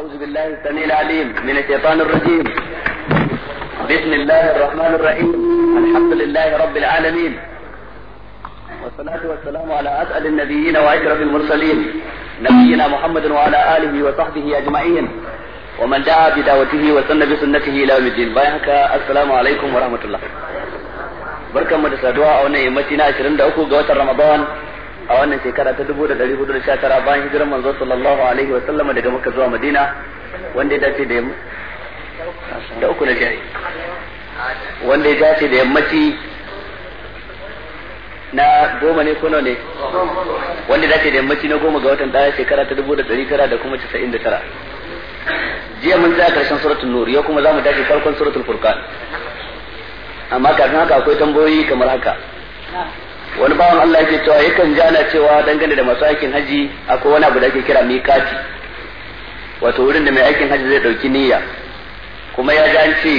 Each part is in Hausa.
أعوذ بالله السميع العليم من الشيطان الرجيم بسم الله الرحمن الرحيم الحمد لله رب العالمين والصلاة والسلام على أسأل النبيين وأشرف المرسلين نبينا محمد وعلى آله وصحبه أجمعين ومن دعا بدعوته وسن بسنته إلى يوم الدين بايعك السلام عليكم ورحمة الله بركة da دعاء ونعمتنا wannan yammaci 23 a wannan shekara ta 1419 bayan hijirar manzo sallallahu alaihi wa sallama daga Makka zuwa Madina wanda ya dace da da uku na jari wanda ya dace da yammaci na goma ne kuno ne wanda ya dace da yammaci na goma ga watan daya shekara ta dubu da da kuma da tara jiya mun tsaya karshen suratul nur yau kuma za mu dace farkon suratul furqan amma kafin haka akwai tambayoyi kamar haka wani bawan Allah yake cewa yakan jana cewa dangane da masu aikin haji akwai wani abu da ake kira mikati wato wurin da mai aikin haji zai dauki niyya kuma ya ga ce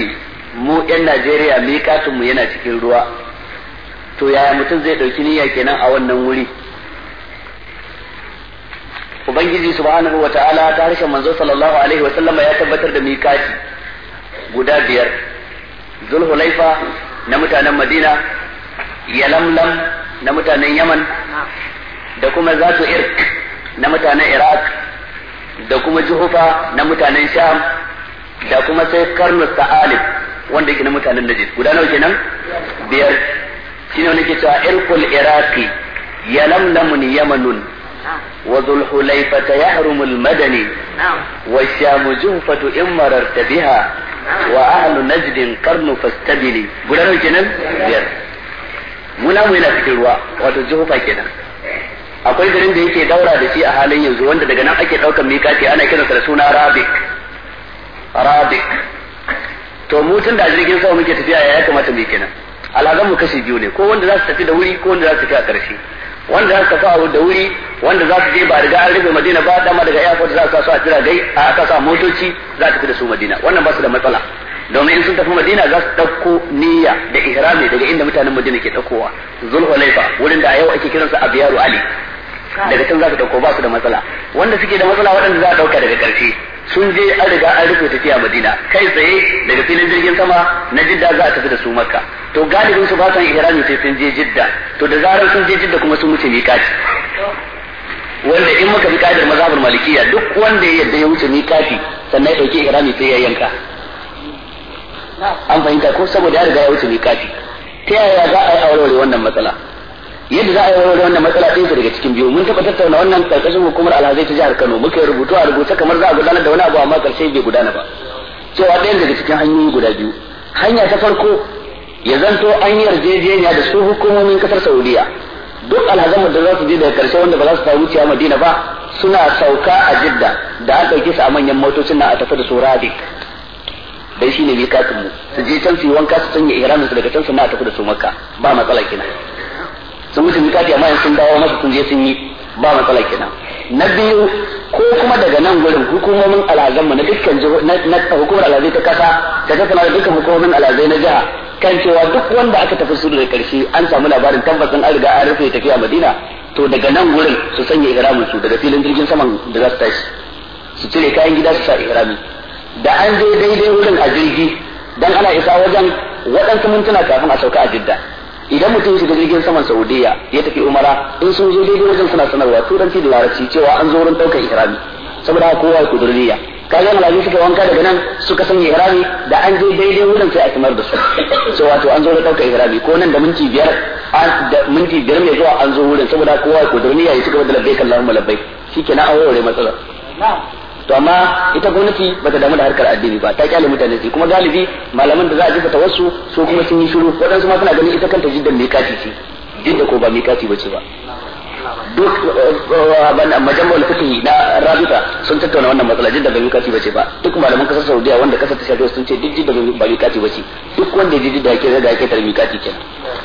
mu yan Najeriya mikatin mu yana cikin ruwa to yaya mutum zai dauki niyya kenan a wannan wuri ubangiji subhanahu ta'ala ta harshen manzo sallallahu alaihi wa sallam ya tabbatar da mikati guda biyar zulhulaifa na mutanen madina yalamlam na mutanen yaman da kuma zatu irk na mutanen iraq da kuma juhufa na mutanen sham da kuma sai karnu sa'alib wanda yake na mutanen najis guda nawa kenan biyar shine wani ke cewa irkul iraqi yalamlamun yamanun وذو الحليفة يحرم المدني والشام جوفة إن مررت بها mu yana cikin ruwa wato jihufa kenan akwai garin da yake daura da shi a halin yanzu wanda daga nan ake daukar mikati ana sa da suna rabik rabik to mu tun da jirgin sama muke tafiya ya kamata mu kenan alhazan mu kashi biyu ne ko wanda za su tafi da wuri ko wanda za su tafi a ƙarshe wanda za su tafi a da wuri wanda za su je ba riga an rufe madina ba dama daga airport za su sa su a jiragai a kasa motoci za su tafi da su madina wannan ba su da matsala domin in sun tafi madina za su ɗauko niyya da ihrami daga inda mutanen madina ke ɗaukowa zulhulaifa wurin da a yau ake kiransa abiyaru ali daga can za su ɗauko ba su da matsala wanda suke da matsala waɗanda za a ɗauka daga ƙarshe sun je an riga an rufe tafiya madina kai tsaye daga filin jirgin sama na jidda za a tafi da su makka to galibin su ba su ihrami sai sun je jidda to da zarar sun je jidda kuma sun wuce miƙati wanda in muka bi ka'idar mazhabul malikiya duk wanda ya yadda ya wuce miƙati sannan ya ɗauki ihrami sai ya yanka an fahimta ko saboda ya riga ya wuce miƙati ta yaya za a yi aure wannan matsala yadda za a yi aure wannan matsala ɗaya daga cikin biyu mun taɓa tattauna wannan ƙarƙashin hukumar alhazai ta jihar Kano muka yi rubutu a rubuce kamar za a gudanar da wani abu amma ƙarshe bai gudana ba cewa ɗaya daga cikin hanyoyi guda biyu hanya ta farko ya zanto an yi yarjejeniya da su hukumomin ƙasar Saudiya duk alhazan da za su je daga ƙarshe wanda ba za su samu ciya Madina ba suna sauka a Jidda da an ɗauke su a manyan motocin na a tafi da su Radik dan shine katin mu su je can su yi wanka su sanya ihramin su daga can su na tafi da su makka ba matsala kina sun mutu miƙati amma sun dawo masa sun je sun yi ba matsala kina na biyu ko kuma daga nan gurin hukumomin alazan mu na dukkan na hukumar alazai ta kasa ta kasa na dukkan hukumomin alazai na jiha kan cewa duk wanda aka tafi su da karshe an samu labarin tabbacin an riga an rufe tafiya Madina to daga nan gurin su sanya ihramin su daga filin jirgin saman da za su tashi su cire kayan gida su sa ihramin da an je daidai wurin a jirgi dan ana isa wajen waɗansu mintuna kafin a sauka a jidda idan mutum shiga jirgin saman saudiya ya tafi umara in sun zo daidai wajen suna sanarwa turanci da larabci cewa an zo wurin ɗaukar ihrami saboda haka kowa ya kudurniya kaga malaji suka wanka daga nan suka sanya ihrami da an je daidai wurin sai a kamar da su so wato an zo da ɗaukar ihrami ko nan da minti biyar da minti biyar mai zuwa an zo wurin saboda kowa ya kudurniya ya ci gaba da labbaik Allahumma labbaik shikenan an warware matsalar to amma ita gwamnati ba ta damu da harkar addini ba ta kyale mutane sai kuma galibi malaman da za a jefa wasu su kuma sun yi shiru waɗansu ma suna ganin ita kanta jiddan mai mikati ce jidda ko ba mai bace ba ce ba duk eh, majammal fiqh na rabita sun tattauna wannan matsala jidda ba mikati bace ba duk malaman kasar Saudiya wanda kasar ta shafi sun ce duk jidda ba mikati ce duk wanda ya ji jidda yake zaga yake tar mikati ce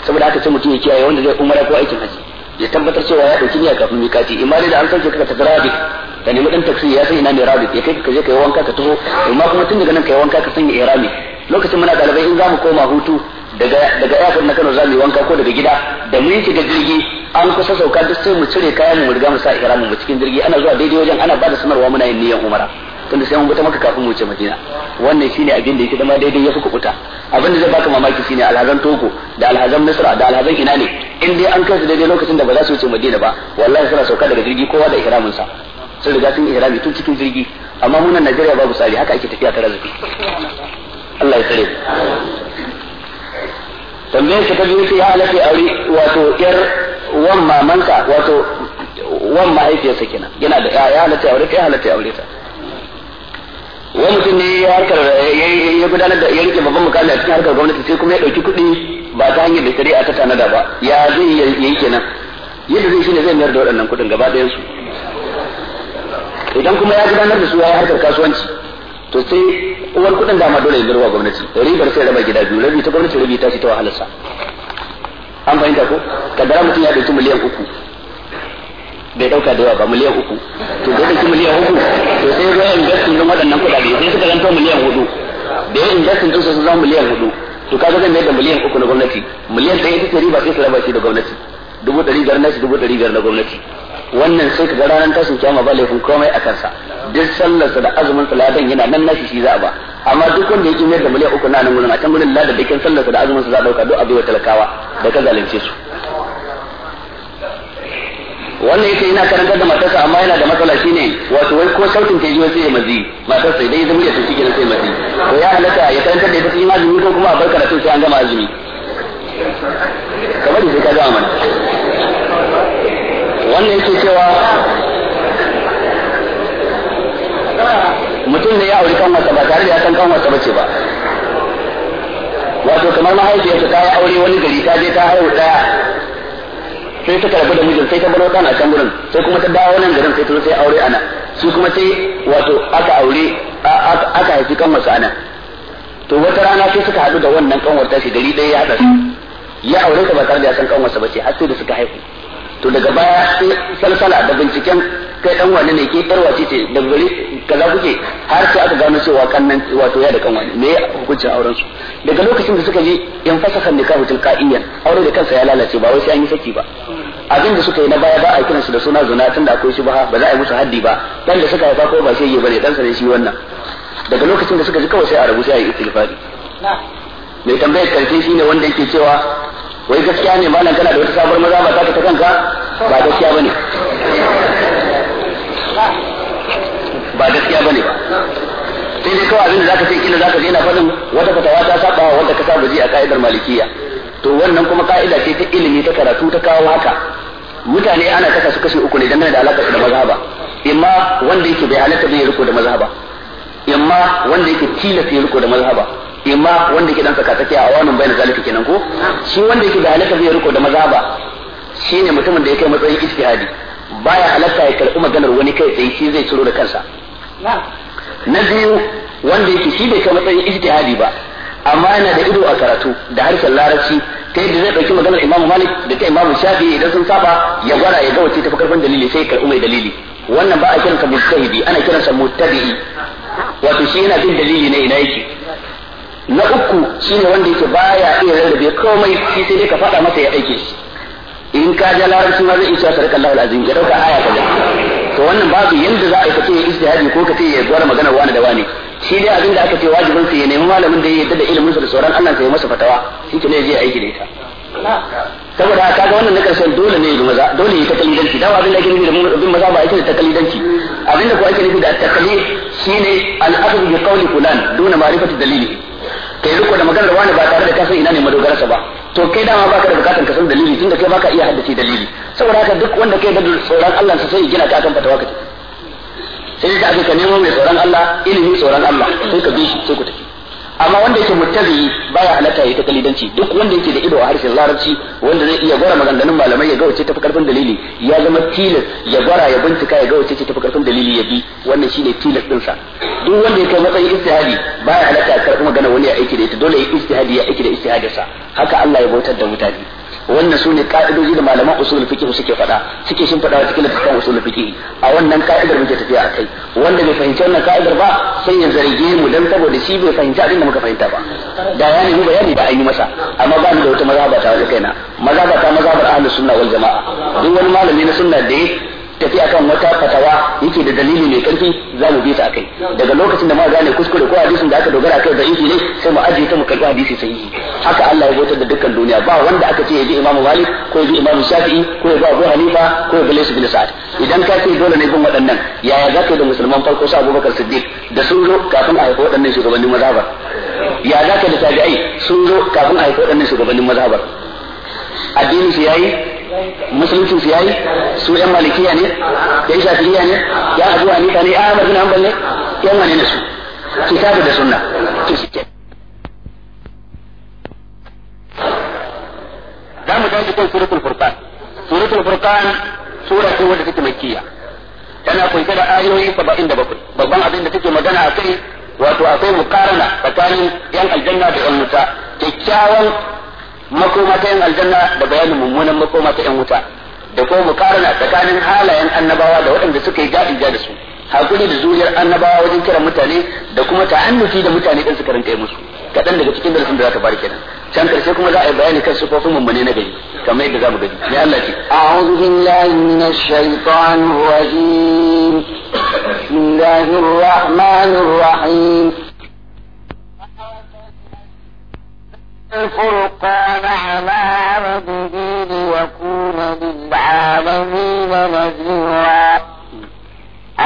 saboda haka sai mutum ya kiyaye wanda zai umara ko aikin haji ya tabbatar cewa ya dauki niyya kafin mikati dai da an sauke ka ta rabita ka nemi dan taksi ya san ina ne rabi ya kai ka je yi wanka ka taho amma kuma tun daga nan kai wanka ka sanya irami lokacin muna dalibai in zamu koma hutu daga daga airport na Kano zamu yi wanka ko daga gida da mun shiga jirgi an kusa sauka duk sai mu cire kayan mu riga mu sa irami mu cikin jirgi ana zuwa daidai wajen ana bada sanarwa muna yin niyyar umara tunda sai mun bata maka kafin mu wuce Madina wannan shine abin da yake zama daidai ya fi kuta abin da zai baka mamaki shine alhazan Togo da alhazan Misra da alhazan ina ne in dai an kai su daidai lokacin da ba za su wuce Madina ba wallahi suna sauka daga jirgi kowa da ihramin sa sun riga sun ihrami tun cikin jirgi amma munan Najeriya babu tsari haka ake tafiya ta razafi Allah ya tsare tambayar ka ta biyu sai ya halatta aure wato yar wan mamanka wato wan mahaifiyarsa kenan yana da ya halatta aure kai halatta aure ta wani mutum ne ya harkar ya gudanar da yanke babban mukalla a cikin harkar gwamnati sai kuma ya dauki kuɗi ba ta hanyar da shari'a ta tanada ba ya zai yi kenan yadda zai shine zai mayar da waɗannan kuɗin gaba ɗayan su idan kuma ya gudanar da su ya harkar kasuwanci to sai uwar kudin dama dole ya wa gwamnati ribar sai raba gida biyu rabi ta gwamnati rabi ta ce ta wahalarsa an fahimta ko kaddara mutum ya ɗauki miliyan uku bai dauka da yawa ba miliyan uku to da dauki miliyan uku to sai zo investin din waɗannan kuɗaɗe sai suka zanto miliyan hudu da ya investin din su zama miliyan hudu to kaga zan da miliyan uku na gwamnati miliyan ɗaya ita ce riba sai su raba shi da gwamnati dubu ɗari biyar na shi dubu ɗari biyar na gwamnati wannan sai kaga ranar tashin kiyama ba laifin komai a kansa duk sallarsa da azumin saladan yana nan nashi shi za a ba amma duk wanda yake mai da miliyan uku na nan gurin a can gurin lada dukkan sallarsa da azumin sa za a dauka duk abewa talakawa da ka zalunce su wannan yake yana karantar da matarsa amma yana da matsala shine wato wai ko sautin ta jiwa sai ya mazi matarsa idan ya zama ya tafi kenan sai mazi ko ya halaka ya karantar da ita cikin azumi ko kuma a barka da sai an gama azumi kamar da sai ka gama mana wannan yake cewa mutum ne ya auri kan wasa ba tare da ya san kan ba ce ba wato kamar mahaifiyarsa ta yi aure wani gari ta je ta haihu daya sai ta karbi da mijin sai ta bar wata na can gurin sai kuma ta dawo nan garin sai ta sai aure ana su kuma sai wato aka aure aka haifi kan masa ana to wata rana sai suka haɗu da wannan kanwarta shi gari ɗaya ya haɗa su ya aure ta ba tare da ya san kanwarsa ba ce har sai da suka haihu to daga baya sai salsala da binciken kai dan wani ne ke yar ce ce da gari kaza kuke har sai aka gano cewa kannan wato ya da kan wani me hukuncin auren su daga lokacin da suka je yan fasakan nikahu tilqaiyan aure da kansa ya lalace ba wai sai an yi saki ba abin da suka yi na baya ba a kiransu da suna zuna tunda akwai shi ba ba za a yi musu haddi ba dan da suka haifa ko ba sai yi bane dan sa ne shi wannan daga lokacin da suka ji kawai sai a rabu sai a yi istighfari mai tambayar karshe shine wanda yake cewa wai gaskiya ne malam kana da wata sabuwar maza ba ta ta kanka ba gaskiya bane ba gaskiya bane ba sai dai kawai abin da zaka ce kila zaka je ina fadin wata fatawa ta saba wa wanda ka saba ji a ka'idar malikiya to wannan kuma ka'ida ce ta ilimi ta karatu ta kawo haka mutane ana kasa su kashi uku ne dangane da alaƙa da mazhaba imma wanda yake bai halatta bai riko da mazhaba imma wanda yake tilasta ya riko da mazhaba imma wanda yake dan saka a wannan bayan zalika kenan ko shi wanda yake da halaka zai riko da maza ba shine mutumin da ya kai matsayin ijtihadi baya halatta ya karbi maganar wani kai sai shi zai ciro da kansa na biyu wanda yake shi bai kai matsayin ijtihadi ba amma yana da ido a karatu da harshen larabci ta yadda zai ɗauki maganar imam malik da ta imam shafi idan sun saba ya gwara ya gawace wace tafi karfin dalili sai ya mai dalili wannan ba a kiransa mujtahidi ana kiransa mutabi'i wato shi yana bin dalili ne ina yake na uku shine wanda yake baya iya rarrabe komai shi sai dai ka faɗa masa ya aike shi in ka ja larabci ma zai isa sarkar lahul azim ya dauka aya kaza to wannan babu yanda za a kace ya ijtihadi ko kace ya gwara magana wani da wani shi dai abin da aka ce wajibin sa ya nemi malamin da ya yadda da ilimin sa da sauran Allah sai ya masa fatawa shi ke ne zai aiki da ita saboda haka kaga wannan na karshen dole ne maza dole ya kalidanci dawa abin da ake nufi da bin maza ba ake da takalidanci abin abinda ko ake nufi da takalid shine al-akhd bi qawli fulan duna ma'rifati dalili kai riko da maganar wani ba tare da ka san ina ne madogararsa ba to kai dama ba ka da bukatar ka san dalili tunda kai baka iya haddace dalili saboda haka duk wanda kai da tsoron Allah sa sai gina ka akan fatawa ka sai ka ka nemo mai tsoron Allah ilimi tsoron Allah sai ka bi shi sai ku tafi amma wanda yake muttazi baya halatta yayi ta kalidanci duk wanda yake da ido a harshen larabci wanda zai iya gora maganganun malamai ya ga wacce tafi karfin dalili ya zama tilas ya gwara ya bincika ya ga wacce tafi karfin dalili ya bi wannan shine tilas din sa duk wanda yake matsayin istihadi baya halatta ya karbi magana wani ya aiki da ita dole ya istihadi ya aiki da istihadin sa haka Allah ya bautar da mutane wannan sune ka'idoji da malaman usul fiqh suke fada suke shin faɗa cikin littafin usul fiqh a wannan ka'idar muke tafiya a kai wanda bai fahimci wannan ka'idar ba sai ya zarge mu dan saboda shi bai fahimci abin da muka fahimta ba da ya mu bayani da an masa amma ba ni da wata mazhaba ta wani kaina mazhaba ta mazhabar ahlus sunna wal jamaa duk wani malami na sunna da tafi akan wata fatawa yake da dalili mai karfi za mu bi ta akai daga lokacin da ma gane kuskure ko hadisin da aka dogara kai da ne sai mu ajiye ta mu karbi hadisi sahihi haka Allah ya bautar da dukkan duniya ba wanda aka ce ya bi Imam Malik ko ya bi Imam Shafi'i ko ya bi Abu Hanifa ko ya bi Layth bin Sa'd idan ka ce dole ne bin waɗannan yaya za ka yi da musulman farko sa Abubakar Siddiq da sun zo kafin a haifi waɗannan shugabannin mazhabar ya za ka da tabi'ai sun zo kafin a haifi waɗannan shugabannin mazhabar addinin su yayi musulunci su yayi su yan malikiya ne yan shafi'iyya ne ya abu hanifa ne ahmad bin hanbal ne yan wane ne su kitabu da sunna to shi za mu tashi kan suratul furqan suratul furqan sura ce wadda take makkiya tana kunshe da ayoyi 77 babban abin da take magana akai wato akwai mukarana tsakanin yan aljanna da yan wuta kyakkyawan makoma ta yan aljanna da bayanin mummunan makoma ta yan wuta da kuma mukarana tsakanin halayen annabawa da waɗanda suka yi gadi da su hakuri da zuriyar annabawa wajen kiran mutane da kuma ta'annuti da mutane din suka rinka musu kaɗan daga cikin darasin da za ka bari kenan can karshe kuma za a yi bayani kan sufofin mummune na gari kamar yadda za mu gani ya Allah ce a'udhu billahi minash shaitanir rajim bismillahir rahmanir rahim الفرقان على عبده ليكون للعالمين نذيرا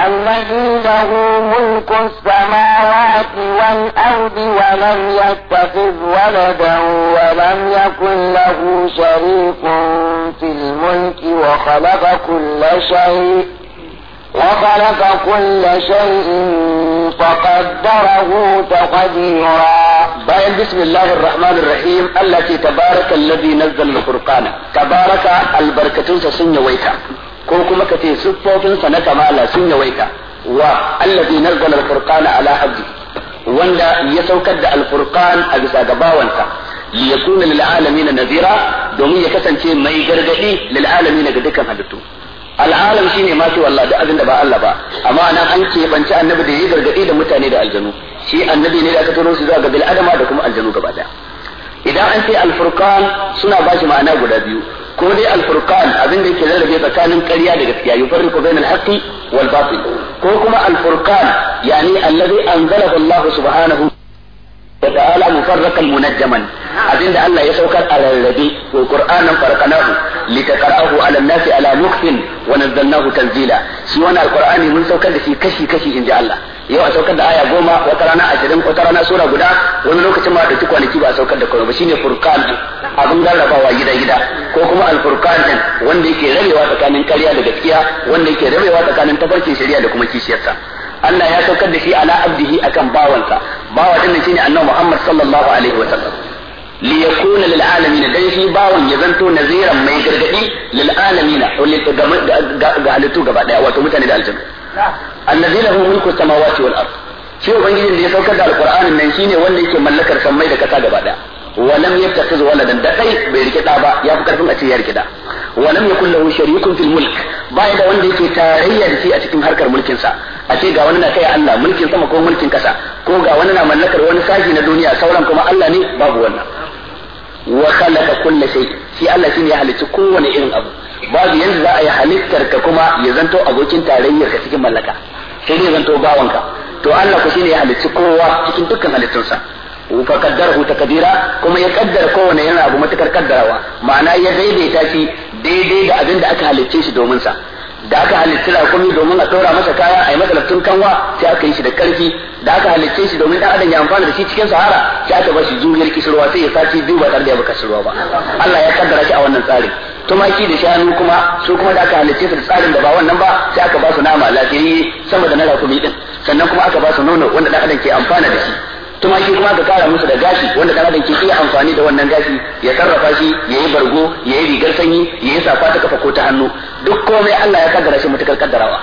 الذي له ملك السماوات والأرض ولم يتخذ ولدا ولم يكن له شريك في الملك وخلق كل شيء وخلق كل شيء فقدره تقديرا bayan bismillahir rahmanir rahim Allah ce tabaraka alladhi nazzala al-furqana tabaraka albarkatunsa sun yawaita ko kuma ka ce siffofinsa na kamala sun yawaita wa alladhi nazzala al ala abdi wanda ya saukar da al-furqan a bisa gabawansa li yakuna lil alamin nazira domin ya kasance mai gargadi lil alamin ga dukkan halittu al'alam shine ma ce wallahi da abin da ba Allah ba amma nan an ke banci annabi da ya gargadi da mutane da aljanu shi annabi ne da aka turo shi zuwa ga bil adama da kuma aljanu gaba daya idan an ce alfurqan suna ba shi ma'ana guda biyu ko dai alfurqan abin da yake rarrabe tsakanin ƙarya da gaskiya yufarriqu bainal haqqi wal batil ko kuma alfurqan yani allazi anzalahu Allah subhanahu wa ta'ala mufarraqan munajjaman abin da Allah ya saukar a rarrabe wa qur'anan farqanahu litaqra'ahu 'ala an-nasi 'ala muktin wa nazzalnahu tanzila shi wannan alqur'ani mun saukar da shi kashi kashi inji Allah yau a saukar da aya goma wata rana ashirin wata rana sura guda wani lokacin ma dauki kwanaki ba a saukar da kwanaki ba shine furqan din abin rarrabawa gida gida ko kuma alfurqan din wanda yake rabewa tsakanin karya da gaskiya wanda yake rabewa tsakanin tafarkin shari'a da kuma kishiyarsa Allah ya saukar da shi ala abdihi akan bawansa bawa din shine annabi Muhammad sallallahu alaihi wa sallam ليكون للعالمين دان shi باون ya zanto naziran mai gargadi lil alamin ga halittu gaba daya wato mutane da aljanna allazi lahu mulku samawati wal ard shi ubangijin da ya saukar da alqur'anin nan shine wanda yake mallakar sammai da kasa gaba daya wa lam yattakhiz waladan da kai bai rike da ba ya fi karfin a ce ya rike da wa lam yakul lahu sharikun fil mulk bai da wanda yake tarayya da shi a cikin harkar mulkin sa a ce ga wani na kai Allah mulkin sama ko mulkin kasa ko ga wani na mallakar wani sashi na duniya sauran kuma Allah ne babu wannan wa khalaqa kulli shay shi Allah shine ya halicci kowane irin abu babu yanzu za a yi halittar ka kuma ya zanto abokin tarayyar ka cikin mallaka sai dai zanto bawanka to Allah ku shine ya halicci kowa cikin dukkan halittunsa fa qaddarahu takdira kuma ya kaddara kowane yana abu matakar kaddarawa ma'ana ya daidaita shi daidai da abin da aka halicce shi domin sa da aka halicci kuma domin a tsora masa kaya a yi masa laftun kanwa sai aka yi shi da karfi da aka halicce shi domin dan adam ya amfana da shi cikin sahara sai aka ba shi juriyar kisruwa sai ya sace biyu ba tare da ya baka ba Allah ya kaddara shi a wannan tsarin tumaki da shanu kuma su kuma da aka halicce su da tsarin da ba wannan ba sai aka ba su nama lafiyayye sama da na rakumi din sannan kuma aka ba su nono wanda dan adam ke amfana da shi tumaki kuma aka kara musu da gashi wanda dan adam ke iya amfani da wannan gashi ya sarrafa shi ya yi bargo ya yi rigar sanyi ya yi safa ta kafa ko ta hannu duk komai Allah ya kaddara shi mutakar kaddarawa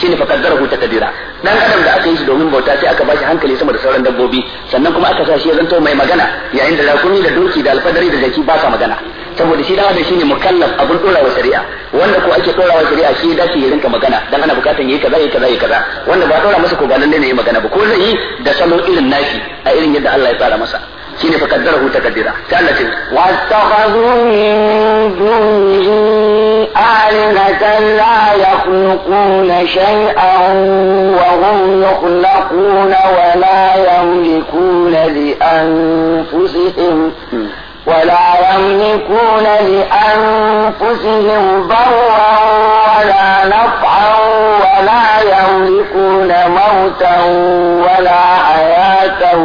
shine fa ta kadira dan adam da aka yi shi domin bauta sai aka ba shi hankali sama da sauran dabbobi sannan kuma aka sa shi ya zanto mai magana yayin da zakumi da doki da alfadari da jaki ba sa magana saboda shi dan adam shine mukallaf abun dora wa shari'a wanda ko ake dora wa shari'a shi da shi rinka magana dan ana bukatan yayi kaza yayi kaza yayi kaza wanda ba dora masa ko ba lalle ne yayi magana ba ko zai yi da salo irin nashi a irin yadda Allah ya tsara masa shine fa kaddarahu takaddira ta Allah ce wastakhadhu min dunihi alihatan la yakhluquna shay'an wa hum yakhluquna wa la yamlikuna li anfusihim ولا يملكون لأنفسهم ضرا ولا نفعا ولا يملكون موتا ولا حياة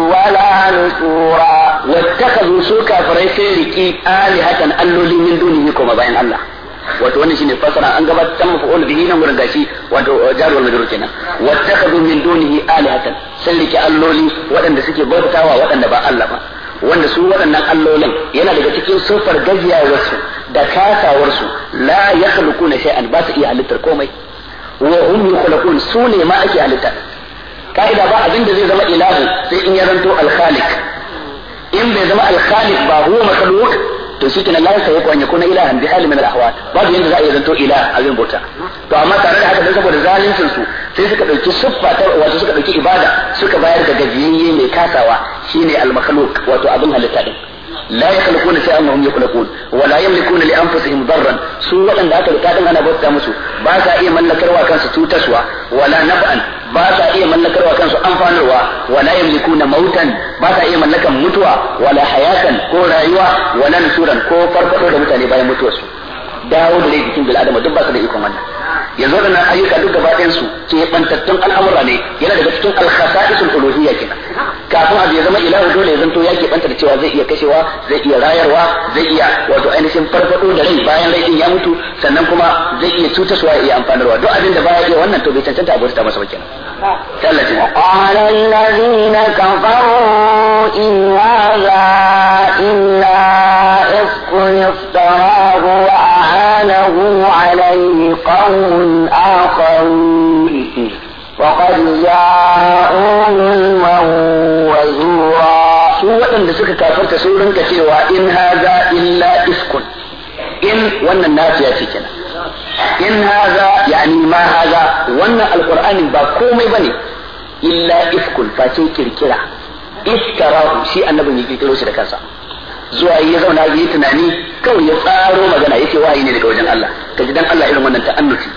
ولا نشورا واتخذوا سوكا فريسي لكي آلهة اللولي من دونه كما بين الله wato wannan shine fasara an gabatar mafa'ul bihi nan gurin gashi wato jarwal majrur kenan wattakhadhu min dunihi alihatan sai rike alloli waɗanda suke bautawa waɗanda ba Allah ba wanda su waɗannan allolin yana daga cikin sufar gajiyawarsu da kasawarsu la ya halittu na shay'an ba su iya halittar komai wa hum yukhlaqun su ne ma ake halitta ka'ida ba abin zai zama ilahu sai in ya zanto al-khaliq in bai zama al-khaliq ba huwa makhluq to shi kenan lai sai kwanya kuna ilahan bi hali min al-ahwal ba yanda za a yi zanto ilah abin bauta to amma tare da haka dan saboda zalincin su sai suka ɗauki siffa ta wato suka ɗauki ibada suka bayar da gajiyayye mai kasawa shine al-makhluq wato abin halitta din la yakhluquna shay'an wa hum yakhluqun wa la yamlikuna li anfusihim darran su waɗanda aka rika din ana bauta musu ba sa iya mallakarwa kansu tutaswa wala naf'an ba sa iya mallakarwa kansu amfanarwa wala yamlikuna mautan ba sa iya mallakan mutuwa wala hayatan ko rayuwa wala nusuran ko farfado da mutane bayan mutuwarsu dawo da tun bil adama duk ba su da ikon wannan yanzu da ayyuka duk gaba ɗayan su ke bantattun al'amura ne yana daga cikin al-khasa'isul uluhiyya kenan kafin abu ya zama ilahu dole ya zanto ya ke banta da cewa zai iya kashewa zai iya rayarwa zai iya wato ainihin farfado da rai bayan rai ya mutu sannan kuma zai iya cutaswa ya iya amfanarwa duk abin da baya iya wannan to bai cancanta abota masa ba kenan قال الذين كفروا إن هذا إلا إفك افتراه وأعانه عليه قوم آخرون وقد جاءوا ظلما وزورا su waɗanda suka kafarta sun rinka cewa in haza illa iskun in wannan nafiya ce kenan in haza yani ma haza wannan alqur'anin ba komai bane illa iskul face kirkira iskarahu shi annabin ya kirkiro shi da kansa zuwa ya zauna ya yi tunani kawai ya tsaro magana yake wahayi ne daga wajen Allah kaji dan Allah irin wannan ta'annuci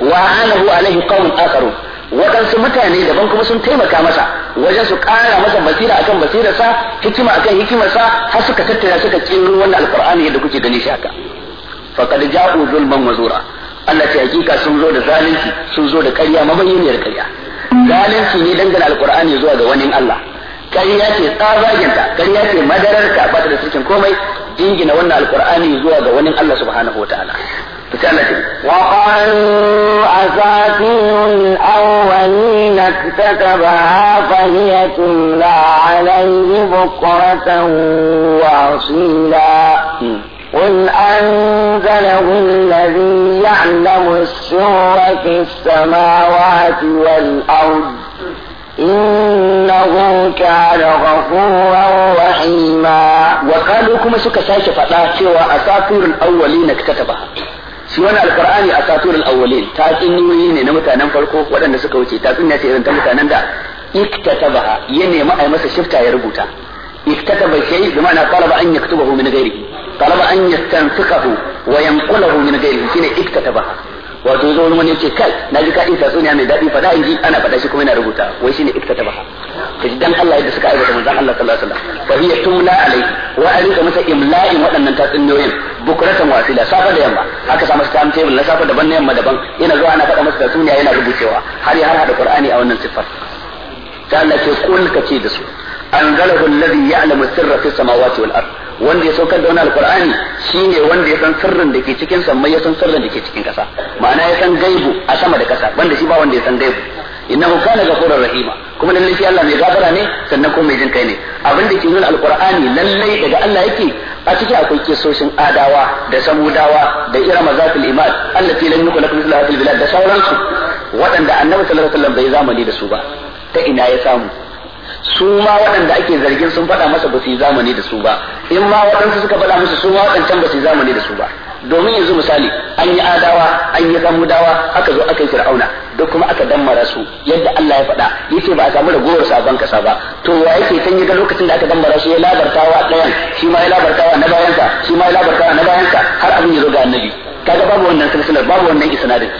wa anahu alaihi qawm akharu waɗansu mutane daban kuma sun taimaka masa wajen su ƙara masa basira akan basirarsa hikima akan hikimarsa har suka tattara suka kiro wannan alqur'ani yadda kuke gani shi haka faqad ja'u zulman wa zura Allah ce hakika sun zo da zalunci sun zo da ƙarya mabayyaniyar ƙarya zalunci ne dangane alqur'ani zuwa ga wani Allah ƙarya ce tsabaginta ƙarya ce madararka ba ta da cikin komai dingina wannan alqur'ani zuwa ga wani Allah subhanahu wataala وقالوا أساطير الأولين اكتتبها فهي تملى عليه بكرة وأصيلا قل أنزله الذي يعلم السر في السماوات والأرض إنه كان غفورا رحيما وقالوا كما سكا سايشة سوى أساطير الأولين اكتتبا سوى القرآن أساطير الأولين تاتني ويني نمتا نمفرقو ولا نسكا وشي تاتني ناسي إذن تمتا نمتا اكتتبا يني ما أي مسا شفتا يربوتا اكتتبا شيء بمعنى طلب أن يكتبه من غيره talaba an yastansikhahu wa yanqulahu min ghayrihi shine iktataba wato yazo wani yace kai na ji ka in tatsuniya mai dadi fada inji ana fada shi kuma yana rubuta wai shine iktataba to dan Allah yadda suka aibata manzon Allah sallallahu alaihi wasallam fa hiya tumla alaihi wa alika masa imla'in waɗannan tatsuniyoyin bukuratan wasila safa da yamma haka sa masa time table na safa daban na yamma daban yana zuwa ana fada masa tatsuniya yana rubucewa har ya har hada Qur'ani a wannan siffar ta Allah ke kul kace da su anzalahu alladhi ya'lamu sirra fis samawati wal ardh wanda ya saukar da wani alkur'ani shine wanda ya san sirrin da ke cikin sammai ya san sirrin da ke cikin kasa ma'ana ya san gaibu a sama da kasa banda shi ba wanda ya san gaibu innahu kana ghafurur rahima kuma dan lafiya Allah mai gafara ne sannan kuma mai jin kai ne abin da ke nuna alkur'ani lalle daga Allah yake a cikin akwai kisoshin adawa da samudawa da irama zatul imad allati lam yukun lakum fil bilad da sauransu waɗanda annabi sallallahu alaihi wasallam bai zamani da su ba ta ina ya samu su ma waɗanda ake zargin sun faɗa masa ba su yi zamani da su ba in ma waɗansu suka faɗa musu su ma waɗancan ba su yi zamani da su ba domin yanzu misali an yi adawa an yi zamudawa aka zo aka yi fir'auna duk kuma aka dammara su yadda Allah ya faɗa yake ba a samu ragowar sabon kasa ba to wa yake tan yi ga lokacin da aka dammara su ya labartawa ɗayan shi ma ya labartawa na bayansa shi ma ya labartawa na bayansa har abin ya zo ga annabi kaga babu wannan silsilar babu wannan isnadin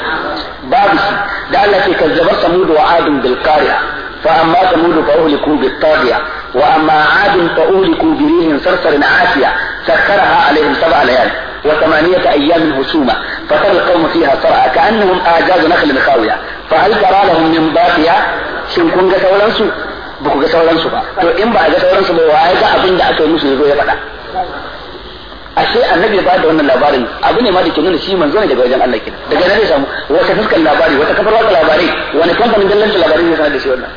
babu shi da Allah ke kazzabar samudu wa adun bil qari'a فأما ثمود فأهلكوا بالطاغية وأما عاد فأهلكوا بريح صرصر عافية سخرها عليهم سبع ليال وثمانية أيام هشومة فترى القوم فيها صرعى كأنهم أعجاز نخل خاوية فهل ترى لهم من باقية shin kun ga sauransu ba ku ga sauransu ba to in ba a ga sauransu ba wa ga abin da aka yi musu zo ya faɗa ashe annabi ya ba da wannan labarin abu ne ma da ke nuna shi manzo ne daga wajen Allah kenan daga nan ya samu wata fuskar labari wata kafar watsa wani kamfanin dallancin labarai ne sanar da shi wannan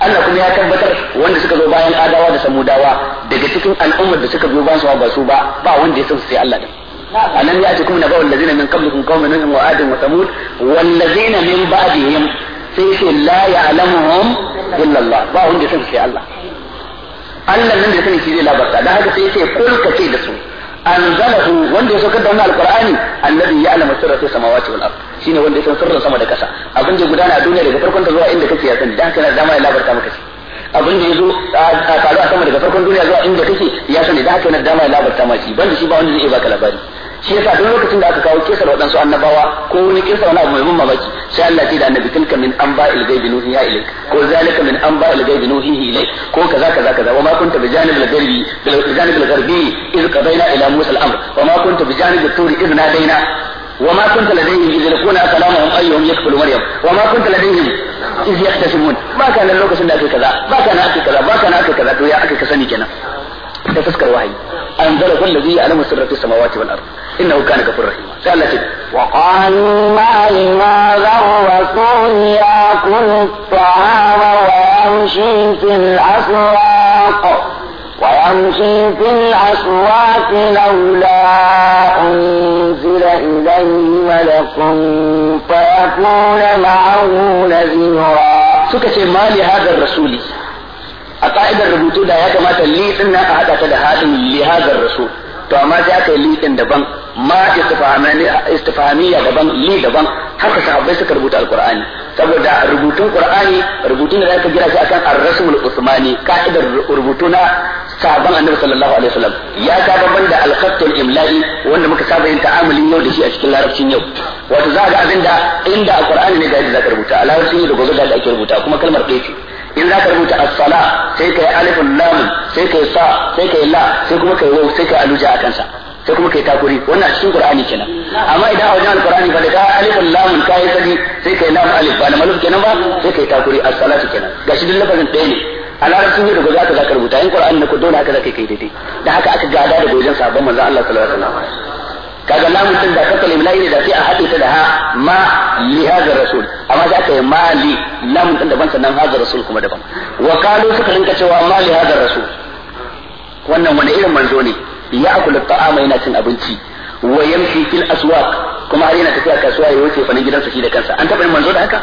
Allah kuma ya tabbatar wanda suka zo bayan adawa da samudawa daga cikin al'ummar da suka zo ba su ba su ba ba wanda ya san sai Allah din alam ya'tikum naba'u allazina min qablikum qaumun wa'adin wa adin wa thamud wallazina min ba'dihim sai ce la ya'lamuhum illa Allah ba wanda ya san sai Allah Allah nan da ya sani shi zai labarta dan haka sai ce kul ka ce da su anzalahu wanda ya saukar da wannan alqur'ani allazi ya'lamu sirra samawati wal ardh shine wanda ya san sirrin sama da ƙasa abin da gudana a duniya daga farkon ta zuwa inda kake ya sani dan kana da dama ya labarta maka shi abin da ya zo a faru a sama daga farkon duniya zuwa inda kake ya sani da haka yana dama ya labarta ma shi banda shi ba wanda zai baka labari shi yasa duk lokacin da aka kawo kisar waɗansu annabawa ko wani kisar wani abu mai mun mamaki sai Allah ce da annabi tilka min anba'il ghaibi ya ilayk ko zalika min anba'il ghaibi nuhihi ilayk ko kaza kaza kaza wa ma kunta bi janib al-gharbi bi janib al-gharbi iz qadayna ila Musa al-amr wa ma kunta bi janib at-turi iz nadaina وما كنت لديهم إذ يلقون كلامهم أيهم يكفل مريم وما كنت لديهم إذ يختصمون ما كان اللوكس إلا كذا ما كان أكل كذا ما كان أكل كذا يا أكل كسني كنا تفسكر وحي أنزله الذي يعلم مسرة السماوات والأرض إنه كان كفر رحيم سألت إيه؟ وقالوا ما لهذا الرسول يأكل الطعام ويمشي في الأسواق ويمشي في الأسواق لولا أنزل إليه ملك فيكون معه نذيرا سكة مال هذا الرسول أقائد الربوتو دا يكما تليس أنك هذا لهذا الرسول to amma sai aka yi liƙin daban ma istifhamiyya daban li daban haka sahabbai suka rubuta alqur'ani saboda rubutun qur'ani rubutun da zaka gira shi akan ar rasul usmani ka'idar rubutu na sahabban annabi sallallahu alaihi wasallam ya ka daban da al al imla'i wanda muka saba yin ta'amulin yau da shi a cikin larabcin yau wato za ga abinda inda a ne ga yadda zaka rubuta a larabcin da gobe da ake rubuta kuma kalmar ɗaya ce in za ka rubuta as-sala sai kai alifin lam sai kai sa sai kai la sai kuma kai wau sai kai aluja a kansa sai kuma kai takuri wannan a cikin qur'ani kenan amma idan a wajen alqur'ani fa da alifun lam kai sani sai kai lam alif ba maluf kenan ba sai kai takuri as-salatu kenan gashi duk lafazin ɗaya ne a larabcin yi da gobe haka za ka rubuta in qur'ani ne ko dole haka za ka kai daidai da haka aka gada da gojen sabon manzon Allah sallallahu alaihi wasallam kaga lamun din da kasal imla'i ne da sai a haɗe ta da ha ma li hadar rasul amma za aka yi ma li lamun din daban sannan hadar rasul kuma daban wa kalu suka rinka cewa ma li hadar rasul wannan wani irin manzo ne ya akula ta'ama yana cin abinci wa yamshi fil aswaq kuma har yana tafiya kasuwa ya wuce fanin gidansa shi da kansa an taɓa yin manzo da haka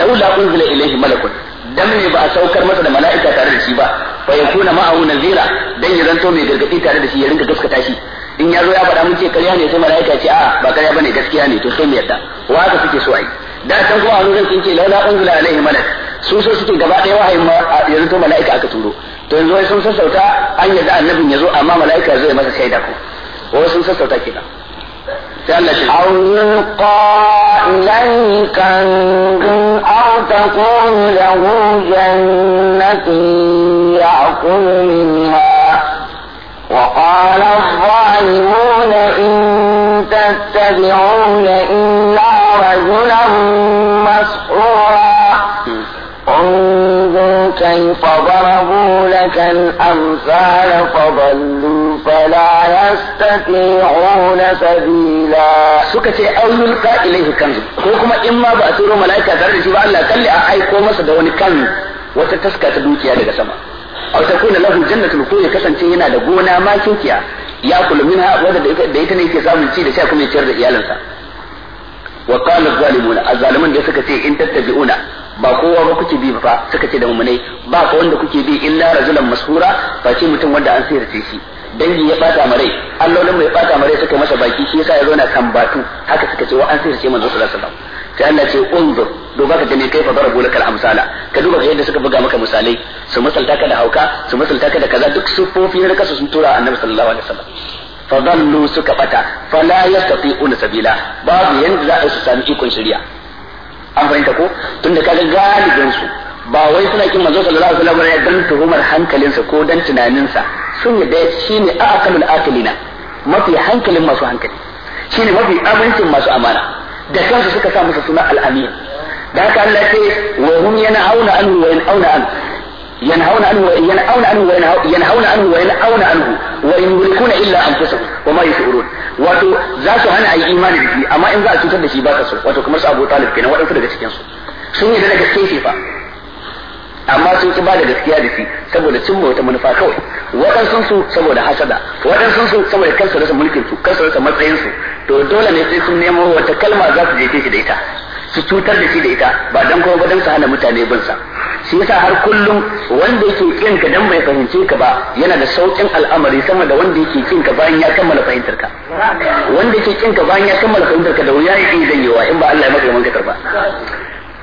laula unzila ilayhi malakun dan ne ba a saukar masa da mala'ika tare da shi ba fa yakuna ma'ahu nazira dan ya zanto mai gargadi tare da shi ya rinka gaskata shi in ya zo ya faɗa mun ce ƙarya ne sai mala'ika ce a ba ƙarya bane gaskiya ne to sai mu yadda wa haka suke so ai da can kuma a wurin ce laula unzila alaihi malak su so suke gaba ɗaya wahayin ma yanzu to mala'ika aka turo to yanzu sun sassauta an yadda annabin ya zo amma mala'ika zai masa shaida ko wai sun sassauta kenan أو يلقى إليه كنز أو تكون له جنة يأكل منها وقال الظالمون إن تتبعون إلا رجلا مسحورا انظر كيف ضربوا لك الأمثال فضلوا فلا يستطيعون سبيلا سوكا أي أو يلقى إليه كنز كوكما إما بأثير ملايكة ذرجي بأن لا تلي أحيكو مصد وني كنز وتتسكى تدوكي هذا aw takuna lahu jannatun ko ya kasance yana da gona ma kinkiya ya kula minha wanda da ita ne yake samun ci da sha kuma ya ciyar da iyalansa wa qala az-zalimun da suka ce in tattabi'una ba kowa ba kuke bi ba suka ce da mumunai ba ka wanda kuke bi illa rajulan mashura ba ce mutum wanda an siyarce shi dangi ya bata marai allolin mai bata rai suka masa baki shi yasa ya zo na kambatu haka suka ce wa an sayarce manzo sallallahu alaihi wasallam sai Allah ce unzur duba ka gani kai fa darabu laka al-amsala ka duba ka yadda suka buga maka misalai su misalta ka da hauka su misalta ka da kaza duk sufofi na kasu sun tura annabi sallallahu alaihi wasallam fa dallu suka bata fala yastati'una sabila babu yanda za a su sami ikon shari'a an fahimta ko tunda kaga galibin su ba wai suna kin manzo sallallahu alaihi wasallam ne dan tuhumar hankalinsa ko dan tunaninsa sun yi shi yadda shine a'qalul aqilina mafi hankalin masu hankali ne mafi amincin masu amana da kansu suka sa masa suna al da haka Allah ce wa hum yanhauna anhu wa yanauna anhu wa عنه ينهون عنه ينهون عنه وينهون عنه ويملكون الا انفسهم وما يشعرون wato za su hana ayi imani da shi amma in za a cutar da shi ba ka so wato kamar su Abu Talib kenan waɗansu daga cikin su sun yi da gaske shi fa amma sun ki ba da gaskiya da shi saboda cin wata manufa kawai waɗansu su saboda hasada waɗansu su saboda kansu rasa mulkin su kansu rasa matsayin su to dole ne sai sun nemo wata kalma za su jefe shi da ita su cutar da shi da ita ba dan kuma ba dan su hana mutane bin sa shi yasa har kullum wanda yake kin ka dan bai fahimce ka ba yana da saukin al'amari sama da wanda yake kin ka bayan ya kammala fahimtar ka wanda yake kin ka bayan ya kammala fahimtar ka da wuya yake danyewa in ba Allah ya maka mankatar ba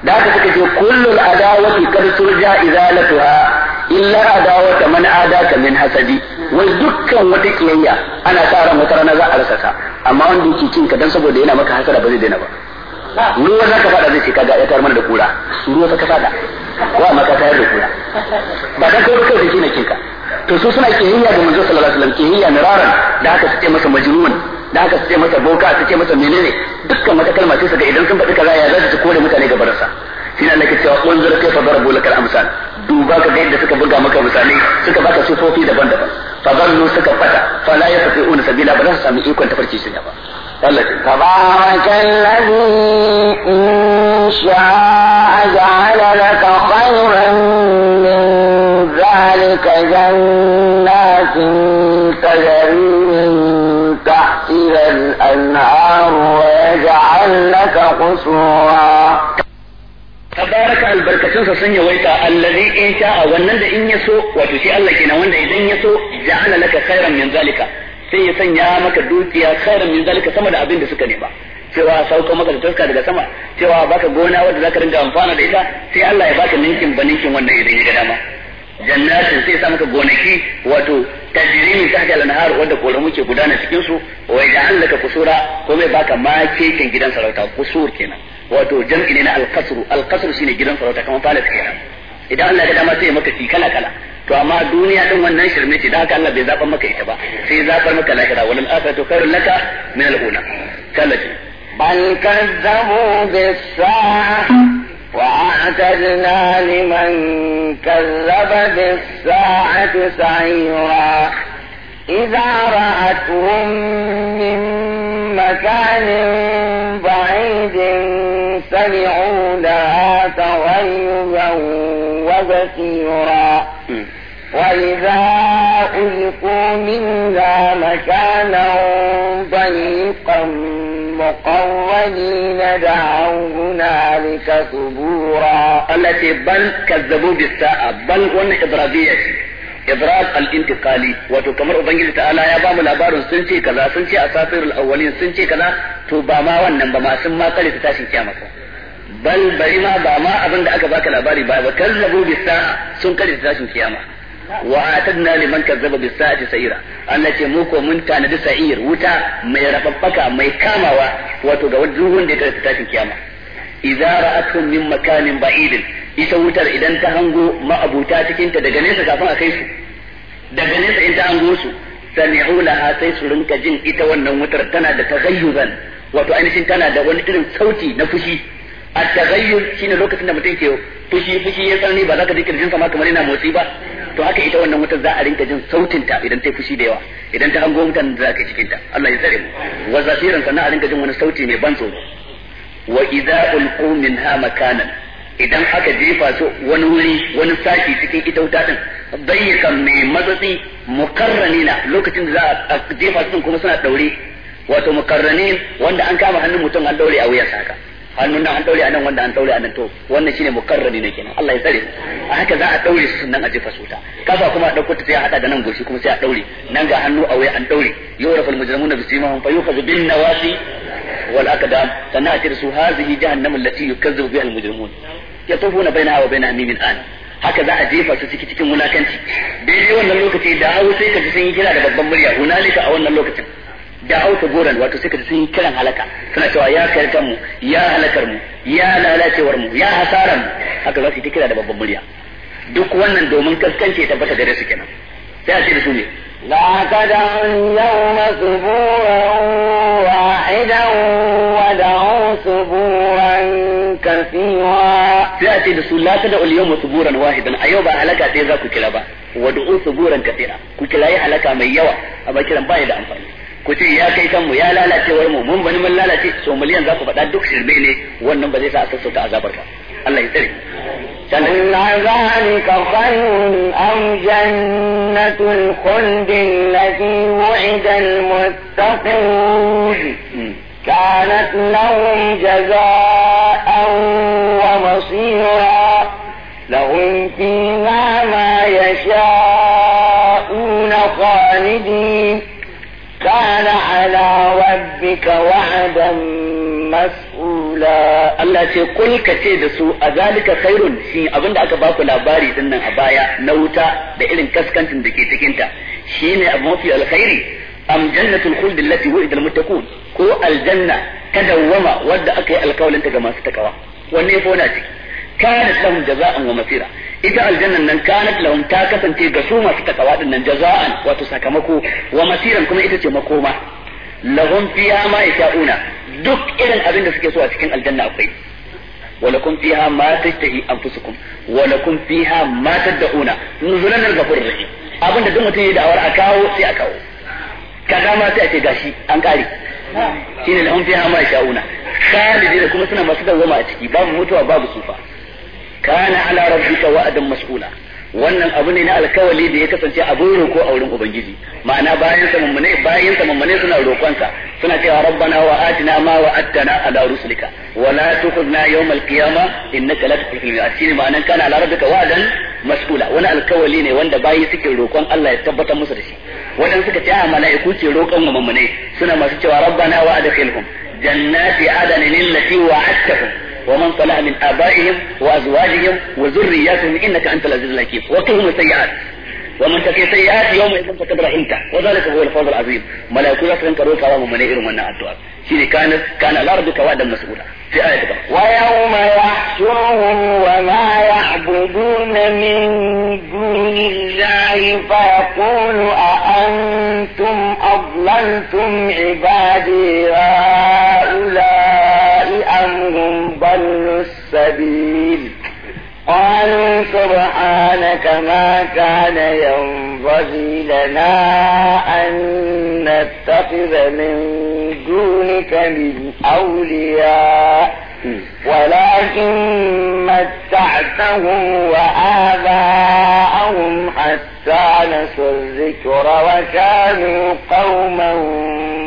da haka suka ce kullul adawati qad turja izalatuha illa ta man adaka min hasadi wai dukkan wata kiyayya ana sa ran wata rana za a rasa amma wanda yake kin ka dan saboda yana maka hasada ba zai daina ba ruwa za ka fada zai ce kaga ya tar mana da kura ruwa za ka fada ko amma ka tayar da kura ba dan kai kai da kina kinka to su suna kiyayya da manzo sallallahu alaihi wasallam kiyayya miraran da haka su ce masa majnun da haka su ce masa boka su ce masa menene dukkan wata kalma sai su ga idan sun faɗi kaza ya za su kore mutane gabarsa barasa. ne nake cewa unzur kaifa darabu lakal amsal duba ka ga yadda suka buga maka misalai suka baka sufofi daban-daban fa zallu suka fata fa la yastati'una sabila ba za su sami ikon tafarki shi ba تبارك الذي إن شاء جعل لك خيرا من ذلك جنات تجري من تحتها الأنهار ويجعل لك قصورا tabaraka sa sun yawaita allazi in a wannan da in ya so wato shi Allah kenan wanda idan ya ja'ala laka khairan min zalika sai ya sanya maka dukiya khairan min zalika sama da abin da suka nema cewa sauko maka da taska daga sama cewa baka gona wadda zaka rinka amfana da ita sai Allah ya baka ninkin ba ninkin wannan idan ya ga dama jannatin sai sa maka gonaki wato tajrimi ta hajjal nahar wanda koramu ke gudana cikin su wa ja'alaka kusura ko mai baka ma gidan sarauta kusur kenan wato jam'i ne na alkasru alkasru shine gidan sarauta kamar palace kenan idan Allah ya dama sai maka shi kala kala to amma duniya din wannan shirme ce da haka Allah bai zaɓa maka ita ba sai zaɓar maka lahira walal akhiratu khairul laka min al-ula kallati bal kazzabu bis-sa'a وأعتدنا لمن كذب بالساعة سعيرا إذا رأتهم من مكان بعيد سمعوا لها تغيبا وبصيرا وإذا ألقوا منها مكانا ضيقا مقرنين دعوا هنالك ثبورا التي بل كذبوا بالساعة بل إضرابية idrak al-intiqali wato kamar ubangiji ta'ala ya bamu labarin sun ce kaza sun ce asafirul awwalin sun kaza to ba ma wannan ba ma sun ma ta tashin kiyama ko bari ma ba ma abin da aka baka labari ba ba kazzabu bis sa'a sun kare ta tashin kiyama wa atadna liman kazzaba bis sa'ati sa'ira Allah ce mu mun tanadi sa'ir wuta mai rababbaka mai kamawa wato ga wanda ya kare ta tashin kiyama min ita wutar idan ta hango ma'abuta cikinta daga nesa kafin a kai su daga nesa in ta hango su sami'u laha sai su rinka jin ita wannan wutar tana da taghayyuzan wato ainihin tana da wani irin sauti na fushi a taghayyuz shine lokacin da mutum ke fushi fushi ya tsani ba za ka ji kirjinsa ma kamar yana motsi ba to haka ita wannan wutar za a rinka jin sautin ta idan ta fushi da yawa idan ta hango wutar za ka cikin ta Allah ya tsare mu wa zafiran sannan a rinka jin wani sauti mai ban tsoro wa idza ulqu minha makanan idan aka jefa su wani wuri wani sashi cikin ita wuta din bayyaka mai matsatsi na lokacin da za a jefa su kuma suna daure wato mukarrani wanda an kama hannun mutum an daure a wuyan saka hannun nan an daure a nan wanda an daure a nan to wannan shine mukarrani ne kenan Allah ya tsare a haka za a daure su nan a jefa su wuta kafa kuma a dauko ta sai a hada da nan goshi kuma sai a daure nan ga hannu a waya an daure yurafal mujrimuna bisimahum fayukhadhu bin nawasi wal aqdam sannan a tirsu hazihi jahannam allati yukazzabu biha al mujrimun yatufuna bainaha wa bain mimin an haka za a jefa su ciki cikin wulakanci daidai wannan lokaci da hau sai ka ji sun yi kira da babban murya hunalika a wannan lokacin da hau ta goran wato sai ka ji sun yi kiran halaka suna cewa ya karkan mu ya halakar mu ya lalacewar mu ya hasaran mu haka za su yi kira da babban murya duk wannan domin kaskance tabbata gare su kenan sai a ce da su ne لا تدعوا اليوم سبورا واحدا ودعوا سبورا كثيرا sai a ce da su la tada ul yawma suburan wahidan a yau ba halaka sai za ku kira ba wadu du'u suburan kathira ku kira yi halaka mai yawa amma kiran ba da amfani ku ce ya kai kanmu ya lalacewar mu mun bani mun lalace so miliyan za ku faɗa duk shirme ne wannan ba zai sa a sassauta azabar ka Allah ya tsare قل ذلك خير أم جنة الخلد التي وعد المتقون كانت لهم جزاء يشاءون خالدين كان على ربك وعدا mas'ula Allah ce kul ka ce da su a zalika khairun shi abinda aka baku labari din nan a baya na wuta da irin kaskancin da ke cikin ta shine abu mafi alkhairi am jannatul khuld allati wu'ida almuttaqun ko aljanna tadawwama wadda aka yi alkawalin ta ga masu takawa wanne yafi wani ciki kana lahum jaza'an wa masira ita aljannan nan kanat lahum ta kasance ga su masu takawa din nan jaza'an wato sakamako wa masiran kuma ita ce makoma lahum fiha ma yasha'una duk irin abin da suke so a cikin aljanna akwai ولكم fiha ما تشتهي انفسكم ولكم فيها ما تدعون نزلا من الغفور الرحيم abin da duk mutum ya da'awar a kawo sai a kawo kaza ma sai a ce gashi an kare shine lahum fiha ma yasha'una khalidina kuma suna masu dawwama a ciki babu mutuwa babu sufa kana ala rabbika wa'adan mas'ula wannan abu ne na alkawali da ya kasance abin roko a wurin ubangiji ma'ana bayan sa mummune bayan sa mummune suna roƙonka suna cewa rabbana wa atina ma wa attana ala rusulika wa la tukhzna yawm alqiyama innaka la tukhzil mi'ad shine ma'ana kana ala rabbika wa'adan mas'ula wani alkawali ne wanda bayi suke roƙon Allah ya tabbatar musu da shi Wadan suka ce a mala'iku ce roƙon wa mummune suna masu cewa rabbana wa adkhilhum jannati adanin allati wa'adtahum ومن طلع من آبائهم وأزواجهم وذرياتهم إنك أنت العزيز الحكيم وقهم السيئات ومن تكي سيئات يوم إذن فكبر أنت وذلك هو الفوز العظيم ما لا يكون أسرين كروك الله من إير من نعد كان كان الأرض كوادا مسؤولا في آية بقى. ويوم يحشرهم وما يعبدون من دون الله فيقول أأنتم أضللتم عبادي السبيل قالوا سبحانك ما كان ينبغي لنا أن نتخذ من دونك من أولياء ولكن متعتهم وآباءهم حتى نسوا الذكر وكانوا قوما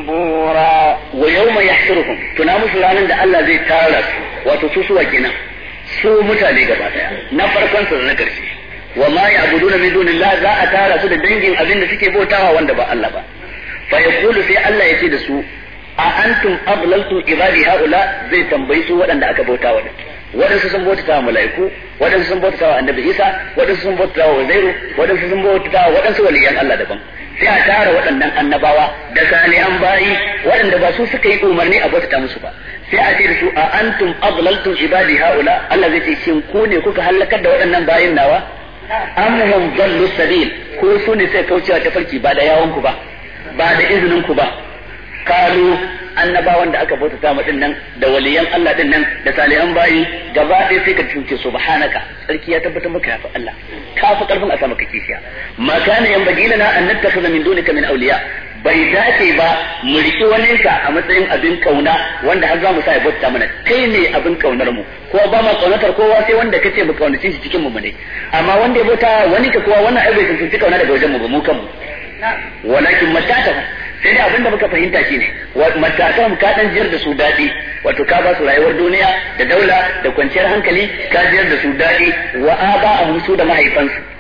بورا ويوم يحشرهم تنام سلالا الله ذي تارس وتسوس وجنه su mutane gaba daya na farkon su na karshe wa ma ya'buduna min dunillah za a tara su da dangin abin da suke bautawa wanda ba Allah ba fa yaqulu sai Allah ya ce da su a antum ablaltum ibadi haula zai tambayi su waɗanda aka bautawa din waɗansu sun bautata wa mala'iku waɗansu sun bautata wa annabi isa waɗansu sun bautata wa zairu waɗansu sun bautata wa waɗansu waliyan Allah daban sai a tara waɗannan annabawa da salihan bayi waɗanda ba su suka yi umarni a bautata musu ba sai a ce da su a antum adlaltum ibadi haula Allah zai ce shin ku ne kuka halakar da waɗannan bayin nawa am hum dallu sabil ko su ne sai kaucewa ta farki ba da yawon ku ba ba da izinin ku ba kalu annabawan da aka bauta ma din nan da waliyan Allah din nan da salihan bayi gaba ɗaya sai ka tunce subhanaka sarki ya tabbatar maka yafi Allah ka fi karfin a sama kake shiya ma kana yanbaghi lana an nattakhidha min dunika min awliya bai dace ba mu riki wani sa a matsayin abin kauna wanda har za mu sa ya bauta mana kai ne abin kaunar mu ko ba ma kaunar kowa sai wanda kace mu kaunace shi cikin mu ne amma wanda ya bauta wani ka kowa wannan abin sun fi kauna daga wajen mu ba mu kanmu walakin matata sai da abinda muka fahimta shine matata mu ka dan jiyar da su dadi wato ka ba su rayuwar duniya da daula da kwanciyar hankali ka jiyar da su dadi wa a su da mahaifansu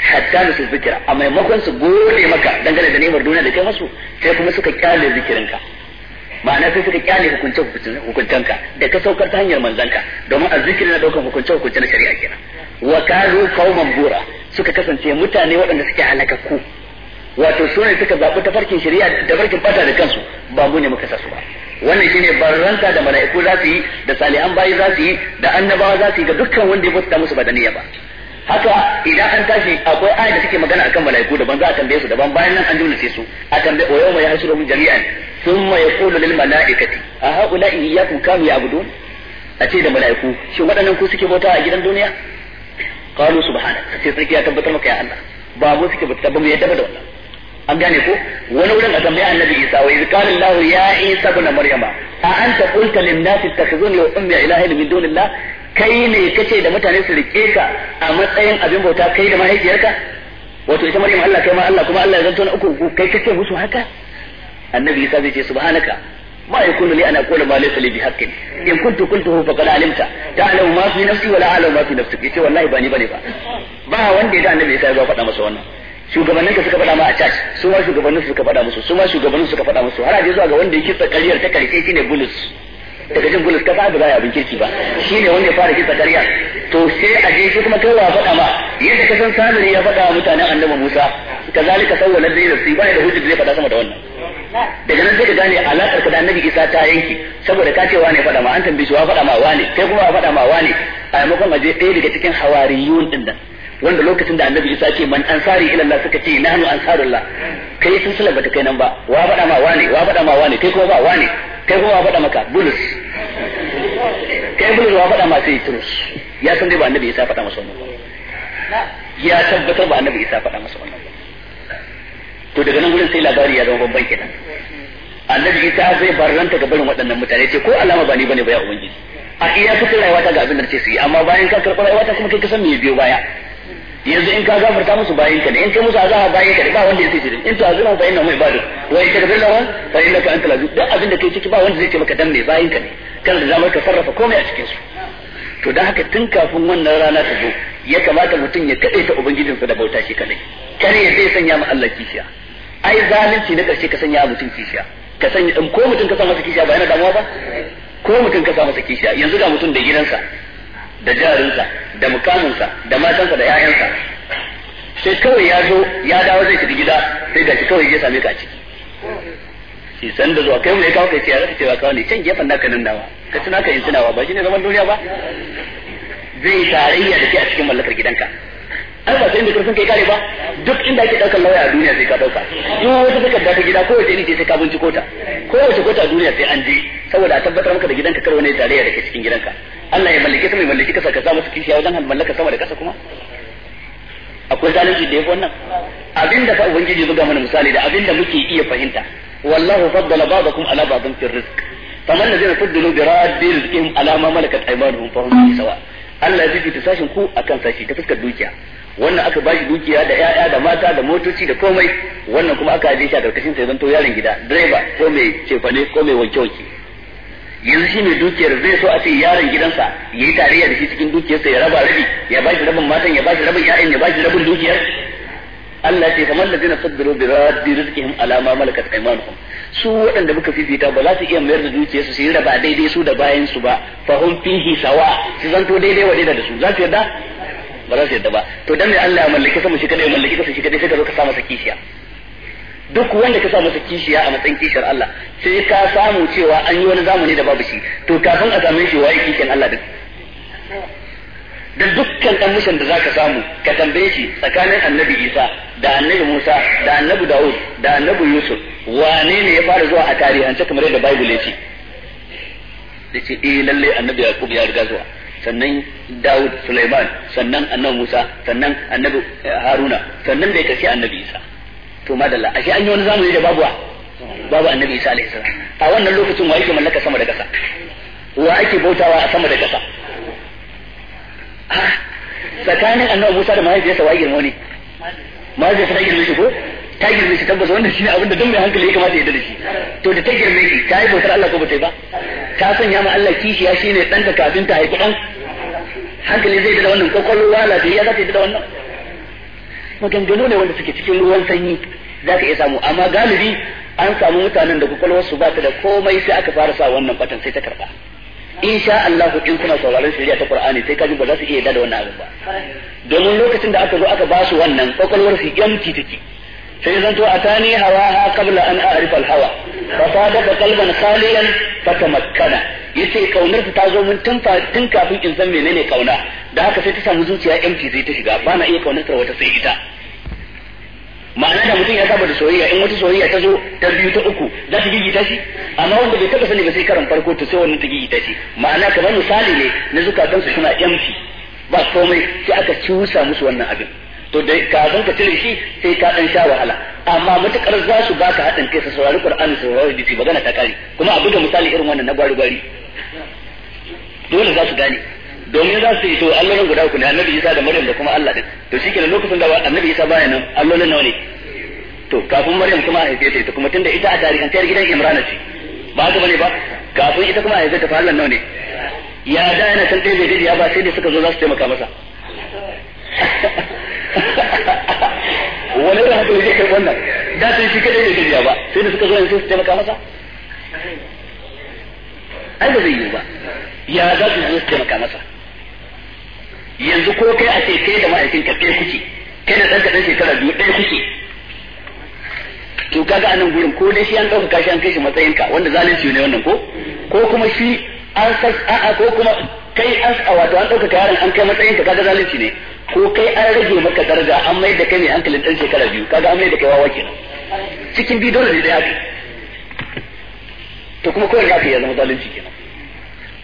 hatta su zikira a maimakon su gode maka dangane da nemar duniya da kai masu sai kuma suka kyale zikirinka ma'ana sai suka kyale hukunce hukuntanka da ka saukar ta hanyar manzanka domin azzikiri na daukan hukunce hukunce na shari'a kenan wa kanu qauman bura suka kasance mutane waɗanda suke ku wato su ne suka zaɓi farkin shari'a da farkin fata da kansu ba mu ne muka sa su ba wannan shine barranta da mala'iku za su yi da salihan bayi za su yi da annabawa za su yi ga dukkan wanda ya bauta musu ba da niyya ba haka idan an tashi akwai ayat da take magana akan malaiku daban za a tambaye su daban bayan nan an jumlace su a tambaye wa yawma yahshuruhum jami'an thumma yaqulu lil malaikati a haula iyyakum kam ya'budun a ce da malaiku shin waɗannan ku suke bauta a gidan duniya qalu subhanaka sai sarki ya tabbatar maka ya Allah ba mu suke bauta ba mu yadda da wannan an gane ko wani wurin a tambaye annabi Isa wa iz lahu ya Isa ibn Maryama a anta qulta lin nasi takhuzuni wa ummi ilahi min dunillah kai ne kace da mutane su rike ka a matsayin abin bauta kai da mahaifiyarka wato ita maryam Allah kai ma Allah kuma Allah ya zanto na uku kai kace musu haka annabi Isa zai ce subhanaka ما يكون لي أن أقول ما ليس لي بحق إن كنت قلته فقد علمت تعلم ما في نفسي ولا أعلم ما في نفسك يتي والله باني باني ba با وندي ba النبي wanda ya da Annabi Isa ya faɗa masa wannan shugabannin ka suka faɗa ma a church su ma shugabannin suka faɗa musu su ma shugabannin suka faɗa musu har a aje zuwa ga wanda yake tsakariyar ta karshe ne bulus daga jin gulus kasa da baya bin kirki ba shi ne wanda ya fara kisa karya to sai a je shi kuma kai wa faɗa ma yadda ka san ya faɗa wa mutanen annabi Musa kazalika ka da nafsi baya da hujja da zai faɗa sama da wannan daga nan sai ka gane alaƙar ka da annabi Isa ta yanki saboda ka ce wane faɗa ma an tambaye shi wa faɗa ma wane kai kuma wa faɗa ma wane a maimakon aje ɗaya daga cikin hawariyun din nan wanda lokacin da annabi isa ce man ansari ila Allah suka ce nahnu ansarullah kai silsila bata kai nan ba wa bada ma wane wa bada ma wane kai kuma ba wane kai kuma wa bada maka bulus kai bulus wa bada ma sai turus ya san dai ba annabi isa faɗa masa wannan ba ya tabbatar ba annabi isa faɗa masa wannan ba to daga nan gurin sai labari ya zama babban kenan annabi isa zai barranta ga barin waɗannan mutane ce ko alama ba ni bane ba ya ubangiji a iya kusa rayuwa ta ga abin da ce su yi amma bayan ka karɓi rayuwa ta kuma kai ka san me biyo baya yanzu in ka gafarta musu bayin ka ne in kai musu azaha bayin ka ne ba wanda yake shirin in to azaba fa inna mai ibadu wa in takbir lahu fa ka antal aziz duk abin da kai ciki ba wanda zai ce maka dan mai bayin ka ne kan da zamar ka sarrafa komai a cikin su to da haka tun kafin wannan rana ta zo ya kamata mutum ya kade ta sa da bauta shi kadai kare ya zai sanya ma Allah kishiya ai zalunci na ƙarshe ka sanya mutum kishiya ka sanya ko mutum ka sa masa kishiya ba yana damuwa ba ko mutum ka sa masa kishiya yanzu ga mutum da gidansa da jarinsa da mukaminsa da matansa da 'ya'yansa sai kawai ya zo ya dawo zai tafi gida sai gashi kawai ya same ka a ciki shi san da zuwa kai mu ne kawo kai ce cewa kawai ne can gefen naka nan dawa ka tuna ka yin tunawa ba ne zaman duniya ba zai tarayya da ke a cikin mallakar gidanka ai ba sai da karfin kai kare ba duk inda ake daukar lauya a duniya sai ka dauka in wata takarda ta gida ko kowace iri sai ka binciko ta kowace kota a duniya sai an je saboda a tabbatar maka da gidanka kar wani tarayya da ke cikin gidanka Allah ya mallake sama ya mallaki kasa ka sa masa kishiya wajen mallaka sama da kasa kuma akwai zalunci da yafi wannan abinda fa ubangiji buga mana misali da abinda muke iya fahimta wallahu faddala ba'dakum ala ba'din fi rizq faman allazina faddalu bi raddi rizqihim ala ma malakat aymanuhum fa hum sawa Allah ya fifita sashin ku akan sashi ta fuskar dukiya wannan aka bashi dukiya da ƴaƴa da mata da motoci da komai wannan kuma aka aje shi a karkashin sa zanto yaron gida direba ko mai cefane ko mai wanke wanke yanzu shi mai dukiyar zai so a ce yaron gidansa ya yi tarayya da shi cikin dukiyar sa ya raba rabi ya bashi rabin matan ya bashi rabin ƴaƴan ya bashi rabin dukiyar Allah ce kamar ladina sabbiru bi rabbi rizqihim ala ma malakat aymanuhum su waɗanda muka fifita ba za su iya mayar da dukiyarsu su yi raba daidai su da bayan su ba fa hum fihi sawa su zanto daidai wa daidai da su za su yarda ba za su yadda ba to dan ne Allah ya mallaki sama shi kadai ya mallaki kasa shi kadai sai ka zo ka sa masa kishiya duk wanda ka sa masa kishiya a matsayin kishiyar Allah sai ka samu cewa an yi wani zamani da babu shi to kafin a same shi waye kishiyan Allah din da dukkan dan mushin da zaka samu ka tambaye shi tsakanin annabi Isa da annabi Musa da annabi Dawud da annabi Yusuf wane ne ya fara zuwa a tarihance kamar yadda Bible ya ce da ce eh lallai annabi Yaqub ya riga zuwa sannan Dawud Sulaiman sannan annabi Musa sannan annabi eh, Haruna sannan da kashe annabi Isa to madalla ashe an yi wani zamani da babu babu annabi Isa alaihi salam a wannan lokacin wa yake mallaka sama da kasa wa ake bautawa a sama da kasa ah, tsakanin annabi Musa da mahaifiyarsa wa girma ne mahaifiyarsa ta girma shi ko ta girme shi tabbas wanda shi ne abinda duk mai hankali ya kamata ya da shi to da ta girme shi ta yi bautar Allah ko ba ta yi ba ta sanya ma Allah ya shine dan ta kafin ta haifi dan hankali zai da wannan kwakwalwa lafiya za ta yi da wannan maganganu ne wanda suke cikin ruwan sanyi za ka iya samu amma galibi an samu mutanen da su ba ta da komai sai aka fara sa wannan batan sai ta karba insha Allah in kuna sauraron shari'a ta Qur'ani sai kaji ba za su iya yarda da wannan abin ba domin lokacin da aka zo aka ba su wannan kokolwar su yanki take sai zanto hawa ha kabla an a'rifa al-hawa fa sadaqa qalban khaliyan fatamakkana yace kaunar ta zo mun tun tun kafin in san menene kauna da haka sai ta samu zuciya empty sai ta shiga ba na iya kaunar wata sai ita ma'ana da mutum ya saba da soyayya in wata soyayya ta zo ta biyu ta uku za ta gigita shi amma wanda bai taba sani ba sai karan farko to sai wannan ta gigita shi ma'ana kamar misali ne na zukatansu suna empty ba komai sai aka cusa musu wannan abin to da san ka cire shi sai ka dan sha wahala amma matukar za su baka hadin kai su saurari Qur'ani su saurari hadisi magana ta kare kuma abu da misali irin wannan na gwari gwari dole za su gane domin za su yi to allolin guda uku ne annabi Isa da Maryam da kuma Allah din to kenan lokacin da annabi Isa baya nan allolin nawa ne to kafin Maryam kuma a haife ta kuma tunda ita a tarihin tayar gidan Imran ce ba haka bane ba kafin ita kuma a haife ta fa Allah nawa ne ya da yana san dai zai ya ba sai da suka zo za su taimaka masa wani da haka zai karɓi wannan da sai shi kadai bai gajiya ba sai da suka zo yanzu su taimaka masa ai ba zai yi ba ya za su zo su taimaka masa yanzu ko kai a ce kai da ma'aikin ka ɗaya kuke kai da ɗan ɗan shekara biyu ɗaya kuke to kaga anan gurin ko dai shi an ɗauka kashi an kai shi matsayinka wanda zalunci ne wannan ko ko kuma shi an a'a ko kuma kai an wato an ɗaukaka yaron an kai matsayin ka kaga zalunci ne ko kai an rage maka daraja an mai da kai ne hankalin ɗan shekara biyu kaga an mai da kai wawa kenan cikin biyu dole ne da haka to kuma kowane ya zama zalunci kenan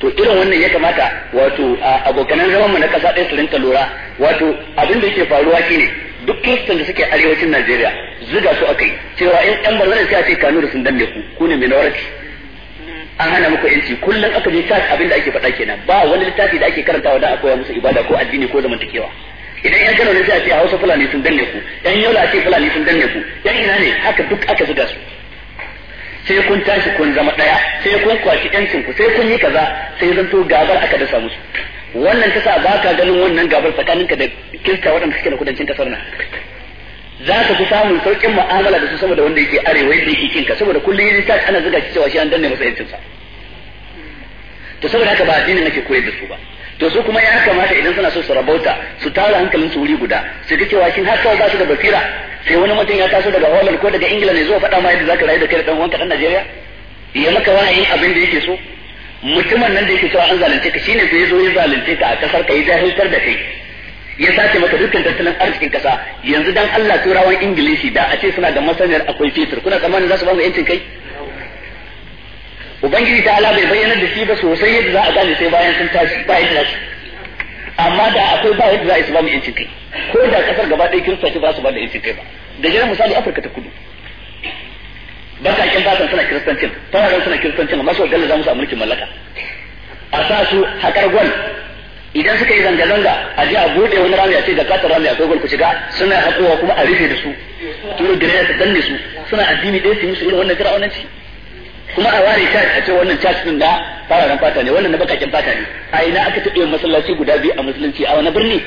to irin wannan ya kamata wato abokanan zaman mu na kasa ɗaya su rinka lura wato abin da yake faruwa shine duk kristan da suke arewacin Najeriya zuga su akai cewa in ɗan bazara sai a ce kanu da sun danne ku ku ne mai nawarci an hana muku yanci kullum aka je church abin da ake faɗa kenan ba wani littafi da ake karantawa da koya musu ibada ko addini ko zamantakewa idan yan kano ne sai a ce hausa fulani sun danne ku yan yola a ce fulani sun danne ku yan ina ne haka duk aka zuga su sai kun tashi kun zama ɗaya sai kun kwaci yancin ku sai kun yi kaza sai zanto gabar aka dasa musu wannan ta sa ba ka ganin wannan gabar tsakaninka da kirista waɗanda suke da kudancin kasar nan za ka fi samun saukin mu'amala da su saboda wanda yake arewa yadda yake kinka saboda kullum yin ta ana zuga cewa shi an danne masa yancin sa to saboda haka ba addinin nake koyar da su ba to su kuma ya kamata idan suna so su rabauta su tara hankalin su wuri guda su ga cewa shin har kawai ba su da basira sai wani mutum ya taso daga Holland ko daga Ingila ne zuwa faɗa ma yadda zaka rayu da kai da dan uwanka dan Najeriya ya maka wani abin da yake so mutumin nan da yake cewa an zalunce ka shine sai yazo ya zalunce ka a kasar ka ya jahiltar da kai ya sace maka dukkan tattalin arzikin kasa yanzu dan Allah turawan ingilishi da a ce suna da masaniyar akwai fetur kuna tsammanin za su bamu yancin kai ubangiji ta ala bai bayyana da shi ba sosai yadda za a gane sai bayan sun tashi ba yadda su amma da akwai ba yadda za a yi su bamu yancin kai ko da kasar gaba ɗaya kirista ce ba su ba da yancin kai ba da jiran misali afirka ta kudu bakakin fatan suna kiristancin fararen suna kiristancin amma su galla za mu samu mulkin mallaka a sa su haƙar gwal idan suka yi zanga-zanga a ji a bude wani rami a ce da katar rami a kogon shiga suna hakowa kuma a rufe da su turu gare ta danne su suna addini ɗaya su yi musu irin wannan fir'aunanci kuma a ware church a ce wannan church din da fararen fata ne wannan na bakakin fata ne a ina aka taɓa yin masallaci guda biyu a musulunci a wani birni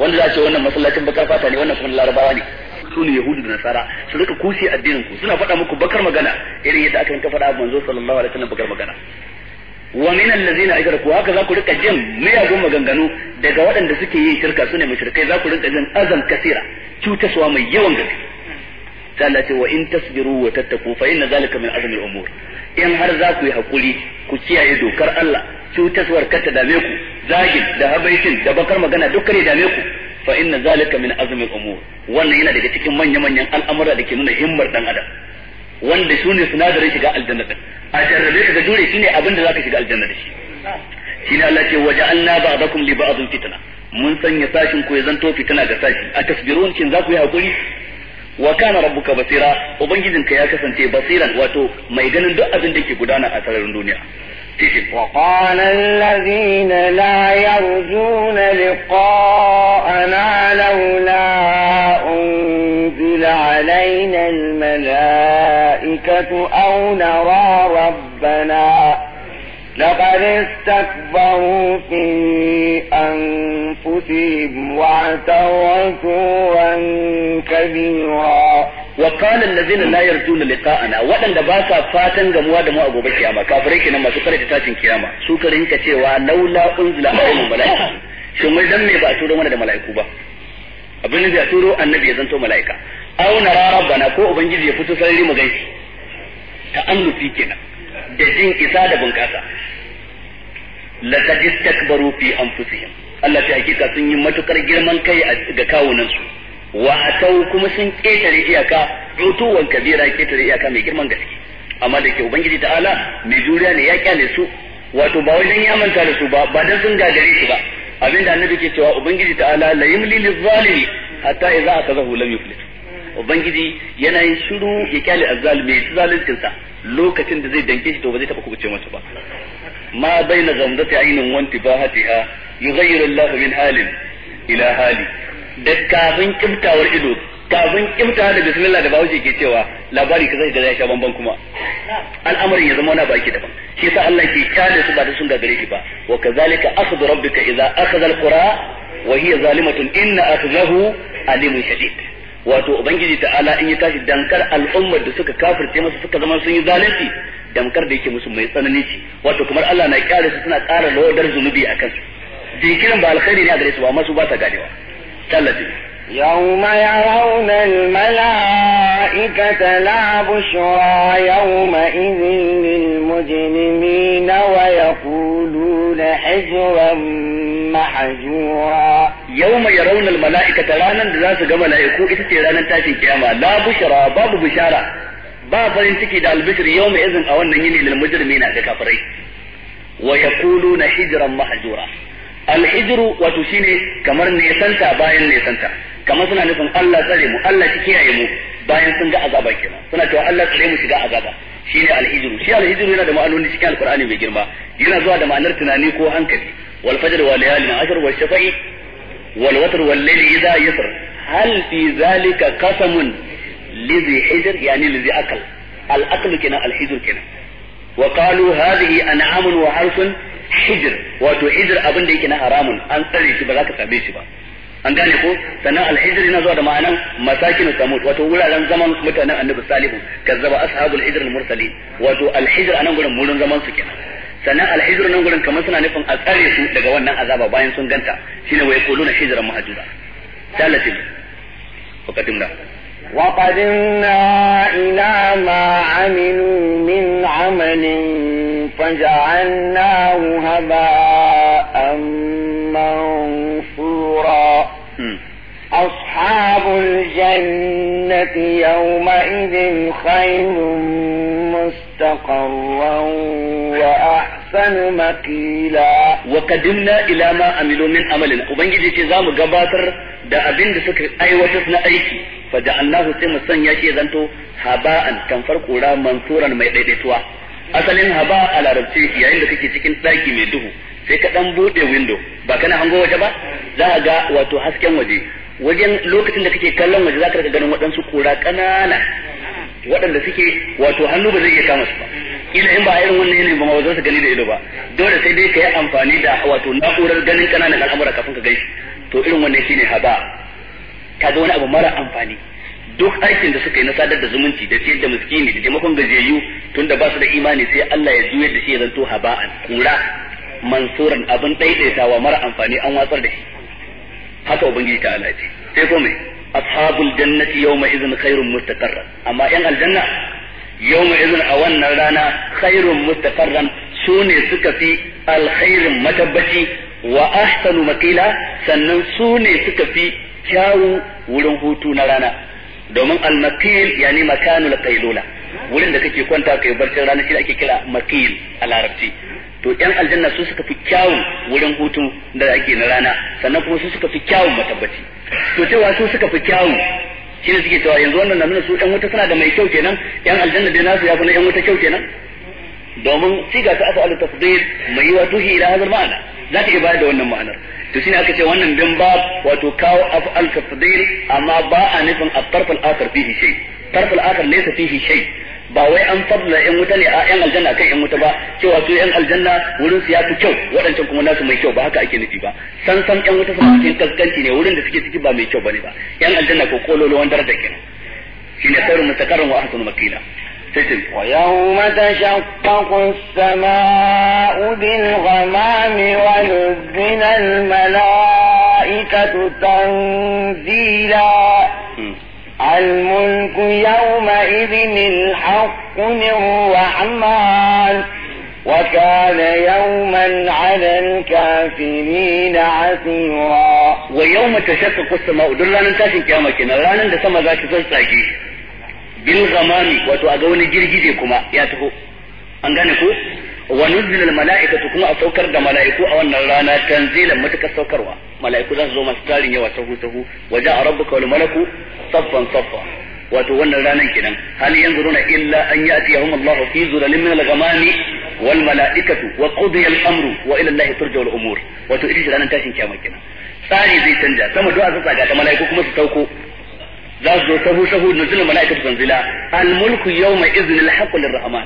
wanda za a ce wannan masallacin bakar fata ne wannan kuma larabawa ne su ne yahudu da nasara su rika kushe addinin ku suna faɗa muku bakar magana irin yadda aka yi ta faɗa manzo sallallahu alaihi wasallam bakar magana wa min allazina ajraku haka za ku rika jin miyagun maganganu daga waɗanda suke yin shirka sune mushrikai za ku rika jin azan kasira cutaswa mai yawan gaske sai Allah ce wa in tasbiru wa tattaku fa inna zalika min azmi umur in har za ku yi hakuri ku kiyaye dokar Allah cutaswar kata dame ku zagin da habaitin da bakar magana duk kare dame ku fa inna zalika min azmi umur wannan yana daga cikin manya-manyan al'amura da ke nuna himmar dan adam wanda su ne sinadarin shiga aljanna din a jarrabe ka jure shine abin da zaka shiga aljanna da shi shi ne Allah ce waja'alna ba'dakum li ba'dhin fitna mun sanya sashin ku ya zanto fitna ga sashi a tasbirun kin zaku yi hakuri wa kana rabbuka basira ubangijinka ya kasance basiran wato mai ganin duk abin da ke gudana a sararin duniya وقال الذين لا يرجون لقاءنا لولا أنزل علينا الماء الملائكة أو نرى ربنا لقد استكبروا في أنفسهم waɗanda ba fatan gamuwa da mu a gobe kiyama kafirai kenan masu karanta tashin kiyama su ka rinka cewa laula unzila alaihim malaika shin wai dan me ba a turo mana da malaiku ba abin da ya turo annabi ya zanto malaika auna rabbana ko ubangiji ya fito sarari mu gaishe ta'annufi kenan da jin isa da bunƙasa laqad istakbaru fi anfusihim Allah ta hakika sun yi matukar girman kai ga kawunan su wa atau kuma sun ketare iyaka rutuwan kabira ketare iyaka mai girman gaske amma da ke ubangiji ta'ala mai juriya ne ya kyale su wato ba wajen ya manta da su ba ba dan sun gagare su ba abinda annabi ke cewa ubangiji ta'ala la yumli lizalimi hatta idza akazahu lam yuflis ubangiji yana yin shiru ya kyale azzalumi su zaluncin sa lokacin da zai danke shi to ba zai taba kubuce masa ba ma baina gamzati ainin wanti bahatiha yughayyiru Allah min halin ila hali da kafin kimtawar ido kafin kimta da bismillah da bahaushe ke cewa labari zai da ya sha bamban kuma al'amarin ya zama wani baki daban shi yasa Allah ke da su ba da sun gagare shi ba wa kazalika akhdhu rabbika idza akhadha al-qura wa hiya zalimatun inna akhdahu alimun shadid wato ubangiji ta'ala in ya tashi dankar al'ummar da suka kafirce masa suka zama sun yi zalunci dankar da yake musu mai tsanani ce wato kamar Allah na kyara su suna ƙara lodar zunubi a kansu jinkirin ba alkhairi ne a gare su ba masu ba ta ganewa tallafi يوم يرون الملائكة لا بشرى يومئذ للمجرمين ويقولون حجرا محجورا yawma yarawna al mala'ikata ranar da za su ga mala'iku ita ce ranar tashin kiyama la bushra babu bushara ba farin ciki da albishir mai izin a wannan yini lil mujrimina ga kafirai wa ya Kulu na hijiran al Alhijiru wato shine kamar nesanta bayan nesanta kamar suna nufin Allah tsare mu Allah ki kiyaye mu bayan sun ga azaba kenan suna cewa Allah tsare mu shiga azaba shine al-hijru shi Alhijiru yana da ma'anoni cikin alqur'ani mai girma yana zuwa da ma'anar tunani ko hankali wal fajr wa layalin ashr wa shafa'i wal watr wal layli idha yasr hal fi zalika qasamun lizi hijr yani lizi akal al akal kenan al hijr kenan wa qalu hadhihi an'amun wa harsun hijr wato hijr abin da yake na haramun an tsare shi ba za ka same shi ba an gane sannan alhijr yana zuwa a ma'anan masakin samud wato wuraren zaman mutanen annabi salihu kazzaba ashabul hijr al mursalin wato alhijr zaman su sannan alhijru nan gurin kamar suna nufin a tsare su daga wannan azaba bayan sun ganta shine wai kuluna hijran mahjuda salatin وقدمنا وقدمنا إلى ما عملوا من عمل فجعلناه هباء منصورا أصحاب الجنة يومئذ خير مستقر مستقرا وأحسن مقيلا وقدمنا إلى ما عملوا من عمل وبنجي ce zamu gabatar da abinda suka aiwatar na aiki fa ja'alnahu sai mu sanya shi zanto haba'an tamfar kura mansuran mai daidaituwa asalin haba a larabci yayin da kake cikin ɗaki mai duhu sai ka dan bude window ba kana hango waje ba za ka ga wato hasken waje wajen lokacin da kake kallon waje za ka ganin waɗansu kura ƙanana waɗanda suke wato hannu ba zai iya kama su ba ila in ba a irin wannan yanayin ba ma za su gani da ido ba dole sai dai ka yi amfani da wato na'urar ganin kananan al'amura kafin ka gaishe to irin wannan ne haba ka ga wani abu mara amfani duk aikin da suka yi na sadar da zumunci da siyar da miskini da taimakon gajiyayyu tun da ba su da imani sai Allah ya juyar da shi ya zanto haba'an kura mansuran abin ɗaiɗaitawa mara amfani an watsar da shi haka ubangiji ta alaji sai ko mai ashabul jannati yawma idhin khairun mustaqarran amma yan aljanna yawma idhin a wannan rana khairun mustaqarran sune suka fi alkhairin matabbaci wa ahsanu makila sannan sune suka fi kyawu wurin hutu na rana domin al-makil yani makanul qailula wurin da kake kwanta kai barcin rana shi ake kira makil a larabci to yan aljanna su suka fi kyawun wurin hutu da ake na rana sannan kuma su suka fi kyawun matabbaci to cewa su suka fi kyawun shi ne suke cewa yanzu wannan na nuna su yan wuta suna da mai kyau kenan yan aljanna dai nasu ya fi na yan wuta kyau kenan domin siga ta afa'alu ma mai wa tuhi ila hazar ma'ana za ta iya da wannan ma'anar to shine aka ce wannan bin ba wato kawo af'al tafdil amma ba a nufin at-tarf al shi fihi shay tarf al-akhar laysa fihi shay ba wai an fadla yan wuta ne a yan aljanna kan yan wuta ba cewa su yan aljanna wurin su ya fi kyau waɗancan kuma nasu mai kyau ba haka ake nufi ba san san yan wuta suna cikin kaskanci ne wurin da suke ciki ba mai kyau bane ba yan aljanna ko kololo wanda da kenan shine sauri mustaqarrun wa ahsanu makila ويوم تشقق السماء بالغمام ونزل الملائكة تنزيلا الملك يومئذ الحق للرحمن وكان يوما على الكافرين عسيرا ويوم تشقق السماء دلنا ننتاشن كياما كنا لا ننسى سما ذاك تستاكي بالغمام وتؤذون اغوني جيري جيري كما wa nuzulul mala'ikatu kuma a saukar da mala'iku a wannan rana tanzilan matukar saukarwa mala'iku za su zo masu tarin yawa sahu sahu wa a rabu kawai malaku saffan saffa wato wannan ranan kenan hali hal yanzuruna illa an ya'tiyahum Allah fi zulalin min al-ghamami wal mala'ikatu wa qudiya al-amru wa ila Allah turja al-umur wato ita shi ranan tashin kiyama kenan tsari zai canja sama du'a za tsaga da mala'iku kuma su sauko za su zo sahu sahu nuzulul mala'ikatu tanzila al-mulku yawma idhnil haqqu lir-rahman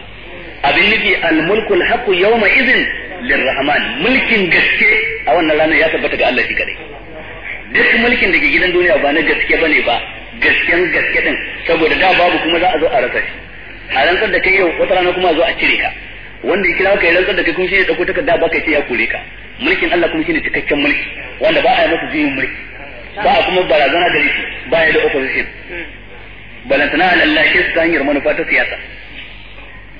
abin nufi al-mulku al-haqqu yawma idhin lirrahman mulkin gaske a wannan ranar ya tabbata ga Allah shi kadai duk mulkin da ke gidan duniya ba na gaske bane ba gasken gaske din saboda da babu kuma za a zo a rasa shi a rantsar da kai yau wata rana kuma a zo a cire ka wanda ya kira ka ya rantsar da kai kuma shi ne dauko takarda ba kai ce ya kore ka mulkin Allah kuma ne cikakken mulki wanda ba a yi masa jiyin mulki ba a kuma barazana gare shi ba ya da opposition balantana Allah shi ta hanyar manufa ta siyasa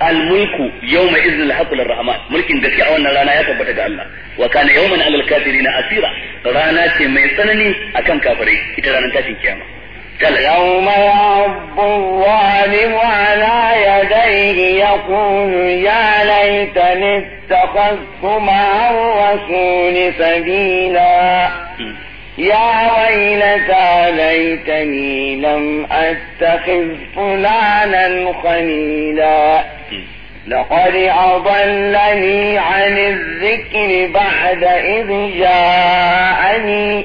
almulku yau mai izin lahakul rahman mulkin gaske a wannan rana ya tabbata ga Allah wa kana yawman alal kafiri na asira rana ce mai tsanani akan kafirai ita ranar tashin kiyama kal yawma yabbu zalim ala yadayhi yaqul ya laitani takhasuma wa sunni sabila hmm. يا ويلتى ليتني لم أتخذ فلانا خليلا لقد أضلني عن الذكر بعد إذ جاءني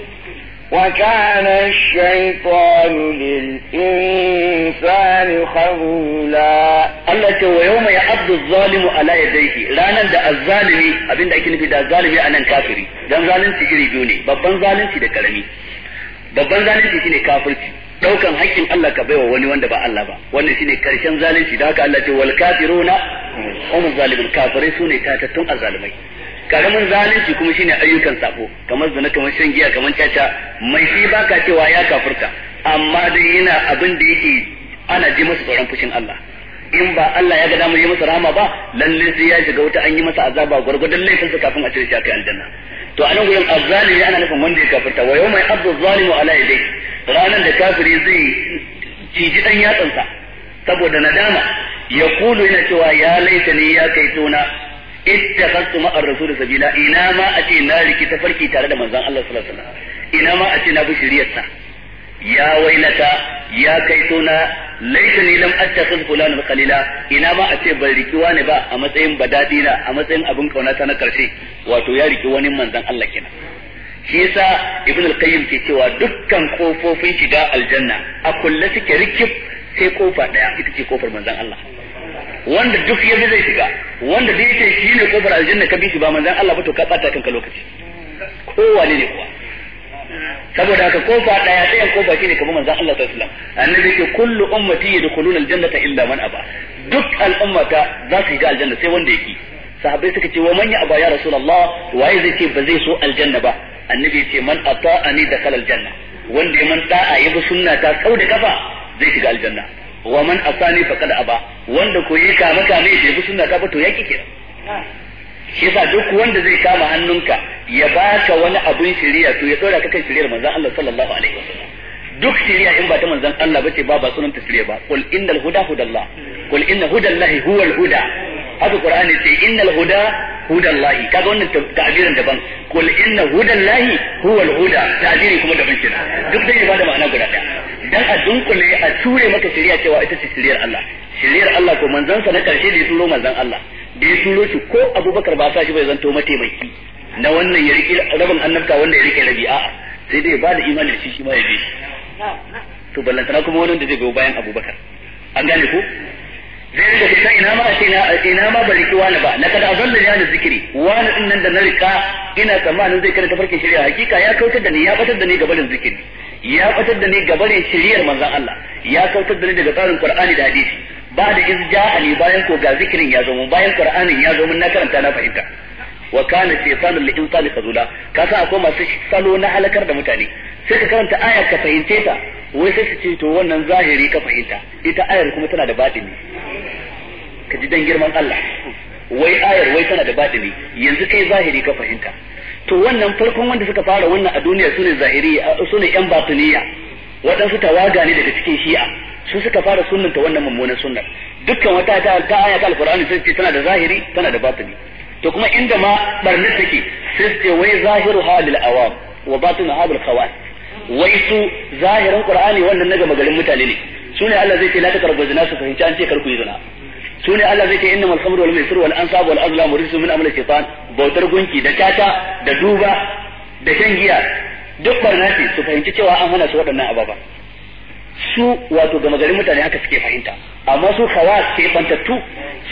وكان الشيطان للإنسان خذولا الله ce wa yau mai abdu zalimu ala yadaihi ranar da azzalimi abinda ake nufi da azzalimi a nan kafiri dan zalunci iri biyu ne babban zalunci da karami babban zalunci shine haƙƙin Allah ka baiwa wani wanda ba Allah ba wannan shine karshen zalunci da haka Allah ce wal kafiruna hum zalimul kafirai sune tatattun azzalimai karamin zalunci kuma shine ayyukan sako kamar zina kamar shan giya kamar caca mai shi baka cewa ya kafirta amma dai yana abin da yake ana ji masa tsoron fushin Allah in ba Allah ya ga damar yi masa rahama ba lalle sai ya shiga wuta an yi masa azaba gwargwadon laifinsa kafin a cire shi kai aljanna to anan gurin azzalimi ana nufin wanda ya kafirta wa yawma yabdu zalimu ala yadayhi ranan da kafiri zai ciji dan yatsansa saboda nadama ya kulu yana cewa ya laitani ya tona. ittakhadtu ma ar-rasul sabila ina ma a ce na riki farki tare da manzon Allah sallallahu alaihi wasallam ina ma a ce na bi shiriyarsa ya wailata ya kai tona ni lam attakhidh fulanan qalila ina ma a ce ban riki wani ba a matsayin badadi na a matsayin abin ta na karshe wato ya riki wani manzon Allah kenan shi yasa ibn al-qayyim ke cewa dukkan kofofin shiga aljanna a kulle suke rikif sai kofa daya ita ce kofar manzon Allah wanda duk ya zai shiga wanda da yake shi ne kofar aljanna ka bi shi ba manzan Allah ba to ka bata kanka lokaci kowane ne kuwa saboda haka kofa daya ɗayan kofa shine kamar manzon Allah sallallahu alaihi wasallam annabi ke kullu ummati yadkhuluna aljannata illa man aba duk al'ummata za su shiga aljanna sai wanda yake sahabbai suka ce wa man ya aba ya rasulullah waye zai ce ba zai so aljanna ba annabi ya ce man ata'ani dakhala aljanna wanda ya man da'a ya bi sunna ta sau da kafa zai shiga aljanna wa man asani faqad aba wanda ko yi kama kame shi bi sunna ka to yaki kenan shi yasa duk wanda zai kama hannunka ya baka wani abun shiriya to ya dora ka kan shiriyar manzon Allah sallallahu alaihi wasallam duk shiriya in ba ta manzon Allah bace ba ba sunan ta shiriya ba qul innal huda hudallah qul inna hudallahi huwal huda haka qur'ani ce innal huda hudallahi kaga wannan ta'birin daban qul inna hudallahi huwal huda ta'biri kuma daban kenan duk dai ba da ma'ana guda daya dan a dunkule a ture maka shari'a cewa ita ce shari'ar Allah shari'ar Allah ko manzon sa na karshe da ya turo manzon Allah da ya turo shi ko Abubakar ba sa shi bai zanto mataimaki na wannan ya rike rabin annabta wanda ya rike rabi sai dai ba da imanin shi shi ma ya bi to ballantana kuma wani da zai go bayan Abubakar an gane ko zai rinka kusa ina ma na, ina ma ba ki wani ba na kada azalla ya ni zikiri wani din nan da na rika ina tsammanin zai kada tafarkin shari'a hakika ya kautar da ni ya batar da ni gaban zikiri ya fitar da ni ne shiriyar manzan Allah ya kautar da ni daga tsarin Qur'ani da hadisi ba da izja'ali bayan ko ga zikirin ya zo mun bayan Qur'anin ya zo mun na karanta na fahimta wa kana shaytanu lil insani khazula ka akwai masu salo na halakar da mutane sai ka karanta aya ka fahimce ta wai sai su ce to wannan zahiri ka fahimta ita ayar kuma tana da batini ka ji dan girman Allah wai ayar wai tana da batini yanzu kai zahiri ka fahimta to wannan farkon wanda suka fara wannan a duniya su ne zahiri su ne yan batuniya waɗansu tawaga ne daga cikin shi'a su suka fara sunnanta wannan mummunan sunnar dukkan wata ta ta aya ta alqur'ani sai ce tana da zahiri tana da batini to kuma inda ma barna take sai ce wai zahiru halil awam wa batinu halil khawas wai su zahirin qur'ani wannan na gama garin mutane ne su ne Allah zai ce la takarbu zina su fahimci an ce kar ku yi zina su ne Allah zai ce innamal khamru wal maisir wal ansab wal azlam rijsun min amali shaytan bautar gunki da tata da duba da shan giya duk barna ce su fahimci cewa an hana su waɗannan ababa su wato gama garin mutane haka suke fahimta amma su khawas ke bantattu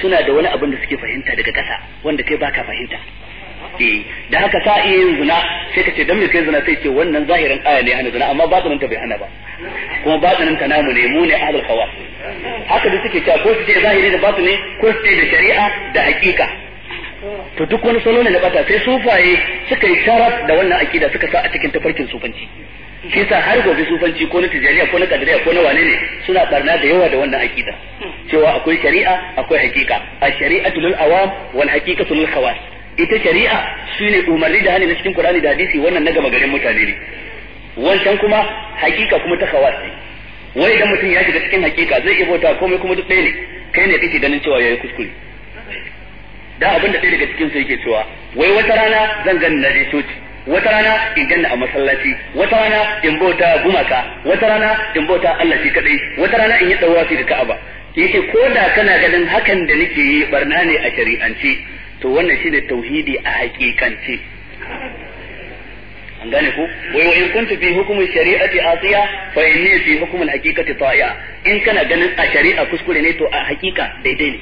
suna da wani abin da suke fahimta daga kasa wanda kai baka fahimta eh da haka sa iya yin zina sai ka ce dan me kai zina sai ce wannan zahirin aya ne hana zina amma ba ta bai hana ba kuma batinin ta namu ne mu ne ahlul khawas haka da suke cewa ko su ce zahiri da batu ne ko su ce da shari'a da hakika to duk wani salo ne na bata sai sufaye suka yi sharaf da wannan akida suka sa a cikin tafarkin sufanci shi sa har gobe sufanci ko na tijariya ko na kadariya ko na wane ne suna barna da yawa da wannan akida cewa akwai shari'a akwai hakika a shari'atu lil awam wal hakika lil khawas ita shari'a shine umarni da hani na cikin Qur'ani da hadisi wannan na gama garin mutane ne wancan kuma hakika kuma ta khawas wai idan mutum ya shiga cikin hakika zai iya bauta komai kuma duk ɗaya ne kai ne kake ganin cewa yayi kuskure da abin da ɗaya daga cikin su yake cewa wai wata rana zan gani na je coci wata rana in ganna a masallaci wata rana in bauta gumaka wata rana in bauta Allah shi kadai wata rana in yi dawafi da Ka'aba yake ko da kana ganin hakan da nake yi barna ne a shari'ance to wannan shine tauhidi a hakikance an gane ku wai wa in kuntu fi hukumin shari'ati asiya fa inni fi hukumin haqiqati ta'iya in kana ganin a shari'a kuskure ne to a haqiqa daidai ne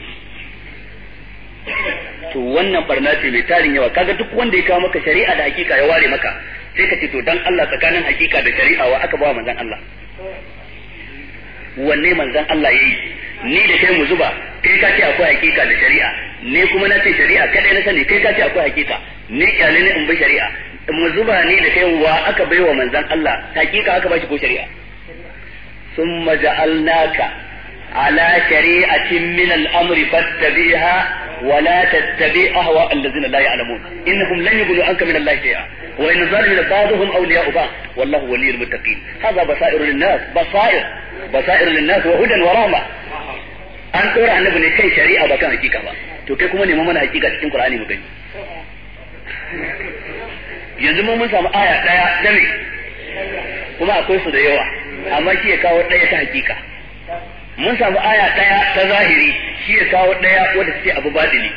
to wannan barna ce mai tarin yawa kaga duk wanda ya kawo maka shari'a da haqiqa ya ware maka sai ka ce to dan Allah tsakanin haqiqa da shari'a wa aka bawa manzon Allah wanne manzon Allah yayi ni da kai mu zuba kai ka ce akwai haqiqa da shari'a ni kuma na ce shari'a kadai na sani kai ka ce akwai haqiqa ni kyale ne in bi shari'a mu zuba ni da kai wa aka baiwa manzon Allah hakika aka bashi ko shari'a summa ja'alnaka ala shari'atin min al-amri fattabi'ha wa la tattabi' ahwa allazina la ya'lamun innahum lan yughnu anka min Allah shay'a wa in zalima ba'dhum awliya'u ba'd wallahu waliyyul muttaqin hadha basairu lin-nas basair basairu lin-nas wa hudan wa rahma an tsora annabi ne kai shari'a ba kan hakika ba to kai kuma neman mana hakika cikin qur'ani mu gani yanzu mun samu aya daya da ne kuma akwai su da yawa amma shi ya kawo daya ta hakika mun samu aya daya ta zahiri shi ya kawo daya wanda ce abu badili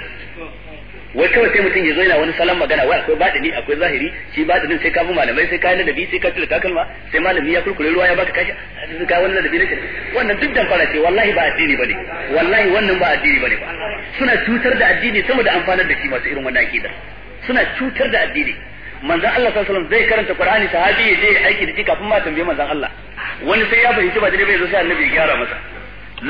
wai kawai sai mutum ya zo yana wani salon magana wai akwai badini akwai zahiri shi badinin sai ka bi malamai sai ka yi ladabi sai ka tura takalma sai malami ya kurkure ruwa ya baka kashi sai ka wani ladabi nake wannan duk dan fara ce wallahi ba addini bane wallahi wannan ba addini bane ba suna cutar da addini sama da amfanar da shi masu irin wannan akida suna cutar da addini manzon Allah sallallahu alaihi wasallam zai karanta Qur'ani sahabi ya je aiki da shi kafin ma tambaye manzon Allah wani sai ya fahimci ba dai bai zo sai annabi ya gyara masa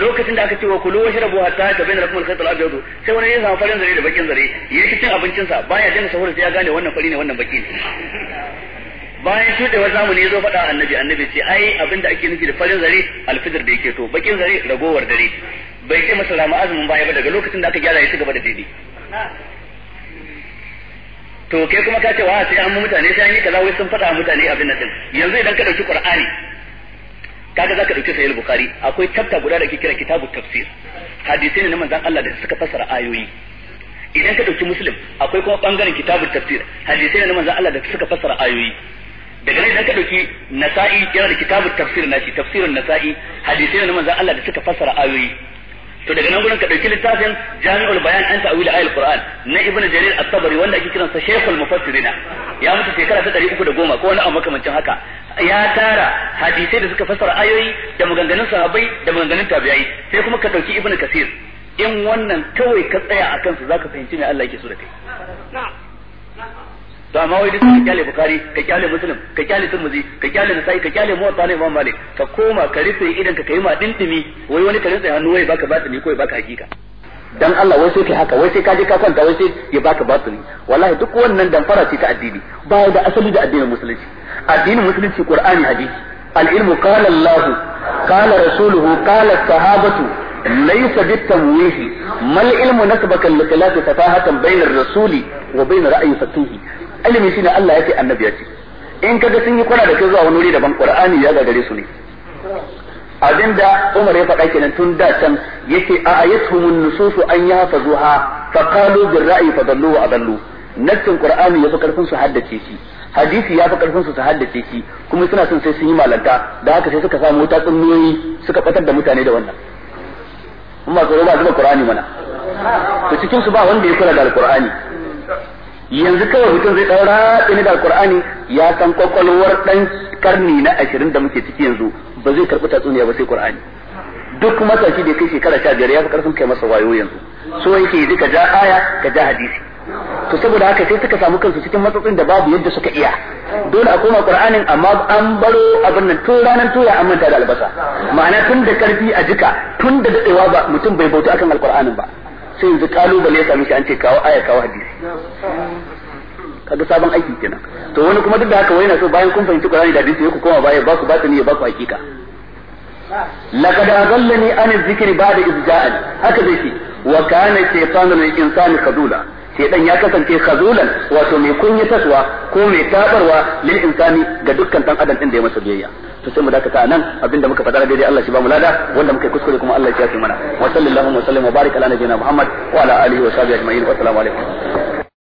lokacin da aka ce wa kulu wa shrabu hatta tabayyana lakum al-khayt al-abyad sai wani ya samu farin zare da bakin zare yake cin abincin sa baya jin sahur sai ya gane wannan fari ne wannan baki ne bayan shudewar zamani ya zo faɗa annabi annabi ce ai abinda ake nufi da farin zare alfijir da yake to bakin zare ragowar dare bai ce masa rama azumin baya ba daga lokacin da aka gyara ya ci gaba da daidai to kai kuma ka ce wa sai an mutane sai an yi kaza wai sun faɗa mutane abin nan yanzu idan ka dauki qur'ani kaga zaka dauki sahih bukhari akwai tabta guda da ke kira kitabu tafsir hadisi ne na manzon Allah da suka fassara ayoyi idan ka dauki muslim akwai kuma bangaren kitabu tafsir hadisi ne na manzon Allah da suka fassara ayoyi daga nan idan ka dauki nasa'i yana da kitabu tafsir nashi tafsirun nasa'i hadisi ne na manzon Allah da suka fassara ayoyi to daga nan gurin ka dauki littafin Jami'ul Bayan an ta'wil ayatul Qur'an na ibnu Jarir at-Tabari wanda ake kiransa Shaykhul Mufassirina ya mutu shekara ta 310 ko wani abu makamancin haka ya tara hadisai da suka fassara ayoyi da maganganun sahabbai da maganganun tabi'ai sai kuma ka dauki ibnu Kasir in wannan kawai ka tsaya akan su zaka fahimci me Allah yake so da kai to amma wai duk ka kyale bukari ka kyale muslim ka kyale tirmidhi ka kyale nasai ka kyale muwatta na imam malik ka koma ka rufe idan ka kai ma dindimi wai wani ka rinsa hannu wai baka batini ko baka hakika dan Allah wai sai kai haka wai sai ka je ka kwanta wai sai ya baka batini wallahi duk wannan damfara ce ta addini ba da asali da addinin musulunci addinin musulunci qur'ani hadisi al-ilmu qala Allah qala rasuluhu qala sahabatu ليس بالتمويه ما العلم نسبك لخلاف تفاهة بين الرسول وبين رأي فتوه ilimi shine Allah yake annabi yake in kaga sun yi kwana da kai zuwa wani wuri daban qur'ani ya gagare su ne abinda Umar ya faɗa kenan tun da can yake a ayatuhumun nususu an fazuha fa qalu bil ra'yi fa dallu wa adallu nassin qur'ani ya fi karfin su haddace shi hadisi ya fi karfin su su haddace shi kuma suna son sai sun yi malanta da haka sai suka samu wuta tsunniyoyi suka batar da mutane da wannan kuma ba tsoro ba zuba qur'ani mana to cikin su ba wanda ya kula da Qur'ani yanzu kawai mutum zai ɗaura tsini da alƙur'ani ya san kwakwalwar ɗan karni na ashirin da muke ciki yanzu ba zai karɓi tatsuniya ba sai qur'ani duk matashi da kai shekara sha biyar ya fi ƙarfin kai masa wayo yanzu so yake ka ja aya ka ja hadisi to saboda haka sai suka samu kansu cikin matsatsin da babu yadda suka iya dole a koma qur'anin amma an baro abin nan tun ranar tuya an manta da albasa ma'ana tun da karfi a jika tun da daɗewa ba mutum bai bauta akan alƙur'anin ba sai yanzu kalubale ya same shi an ce kawo aya kawo hadisi kaga sabon aiki kenan to wani kuma duk da haka wai na so bayan kun fahimci Qur'ani da hadisi ku koma baya ba ku batini ya ba ku hakika laqad azallani an zikri ba'da iz ja'ani haka zai ce wa kana shaytanu lil insani kadula shedan ya kasance khazulan wato mai kunyatarwa ko mai tabarwa lil insani ga dukkan dan adam din da ya masa biyayya to sai mu dakata nan abinda muka faɗa daidai Allah shi ba mu lada wanda muka kuskure kuma Allah ya mana wa sallallahu wa sallam wa barik ala nabiyina Muhammad wa ala alihi wa sahbihi ajma'in wa assalamu alaikum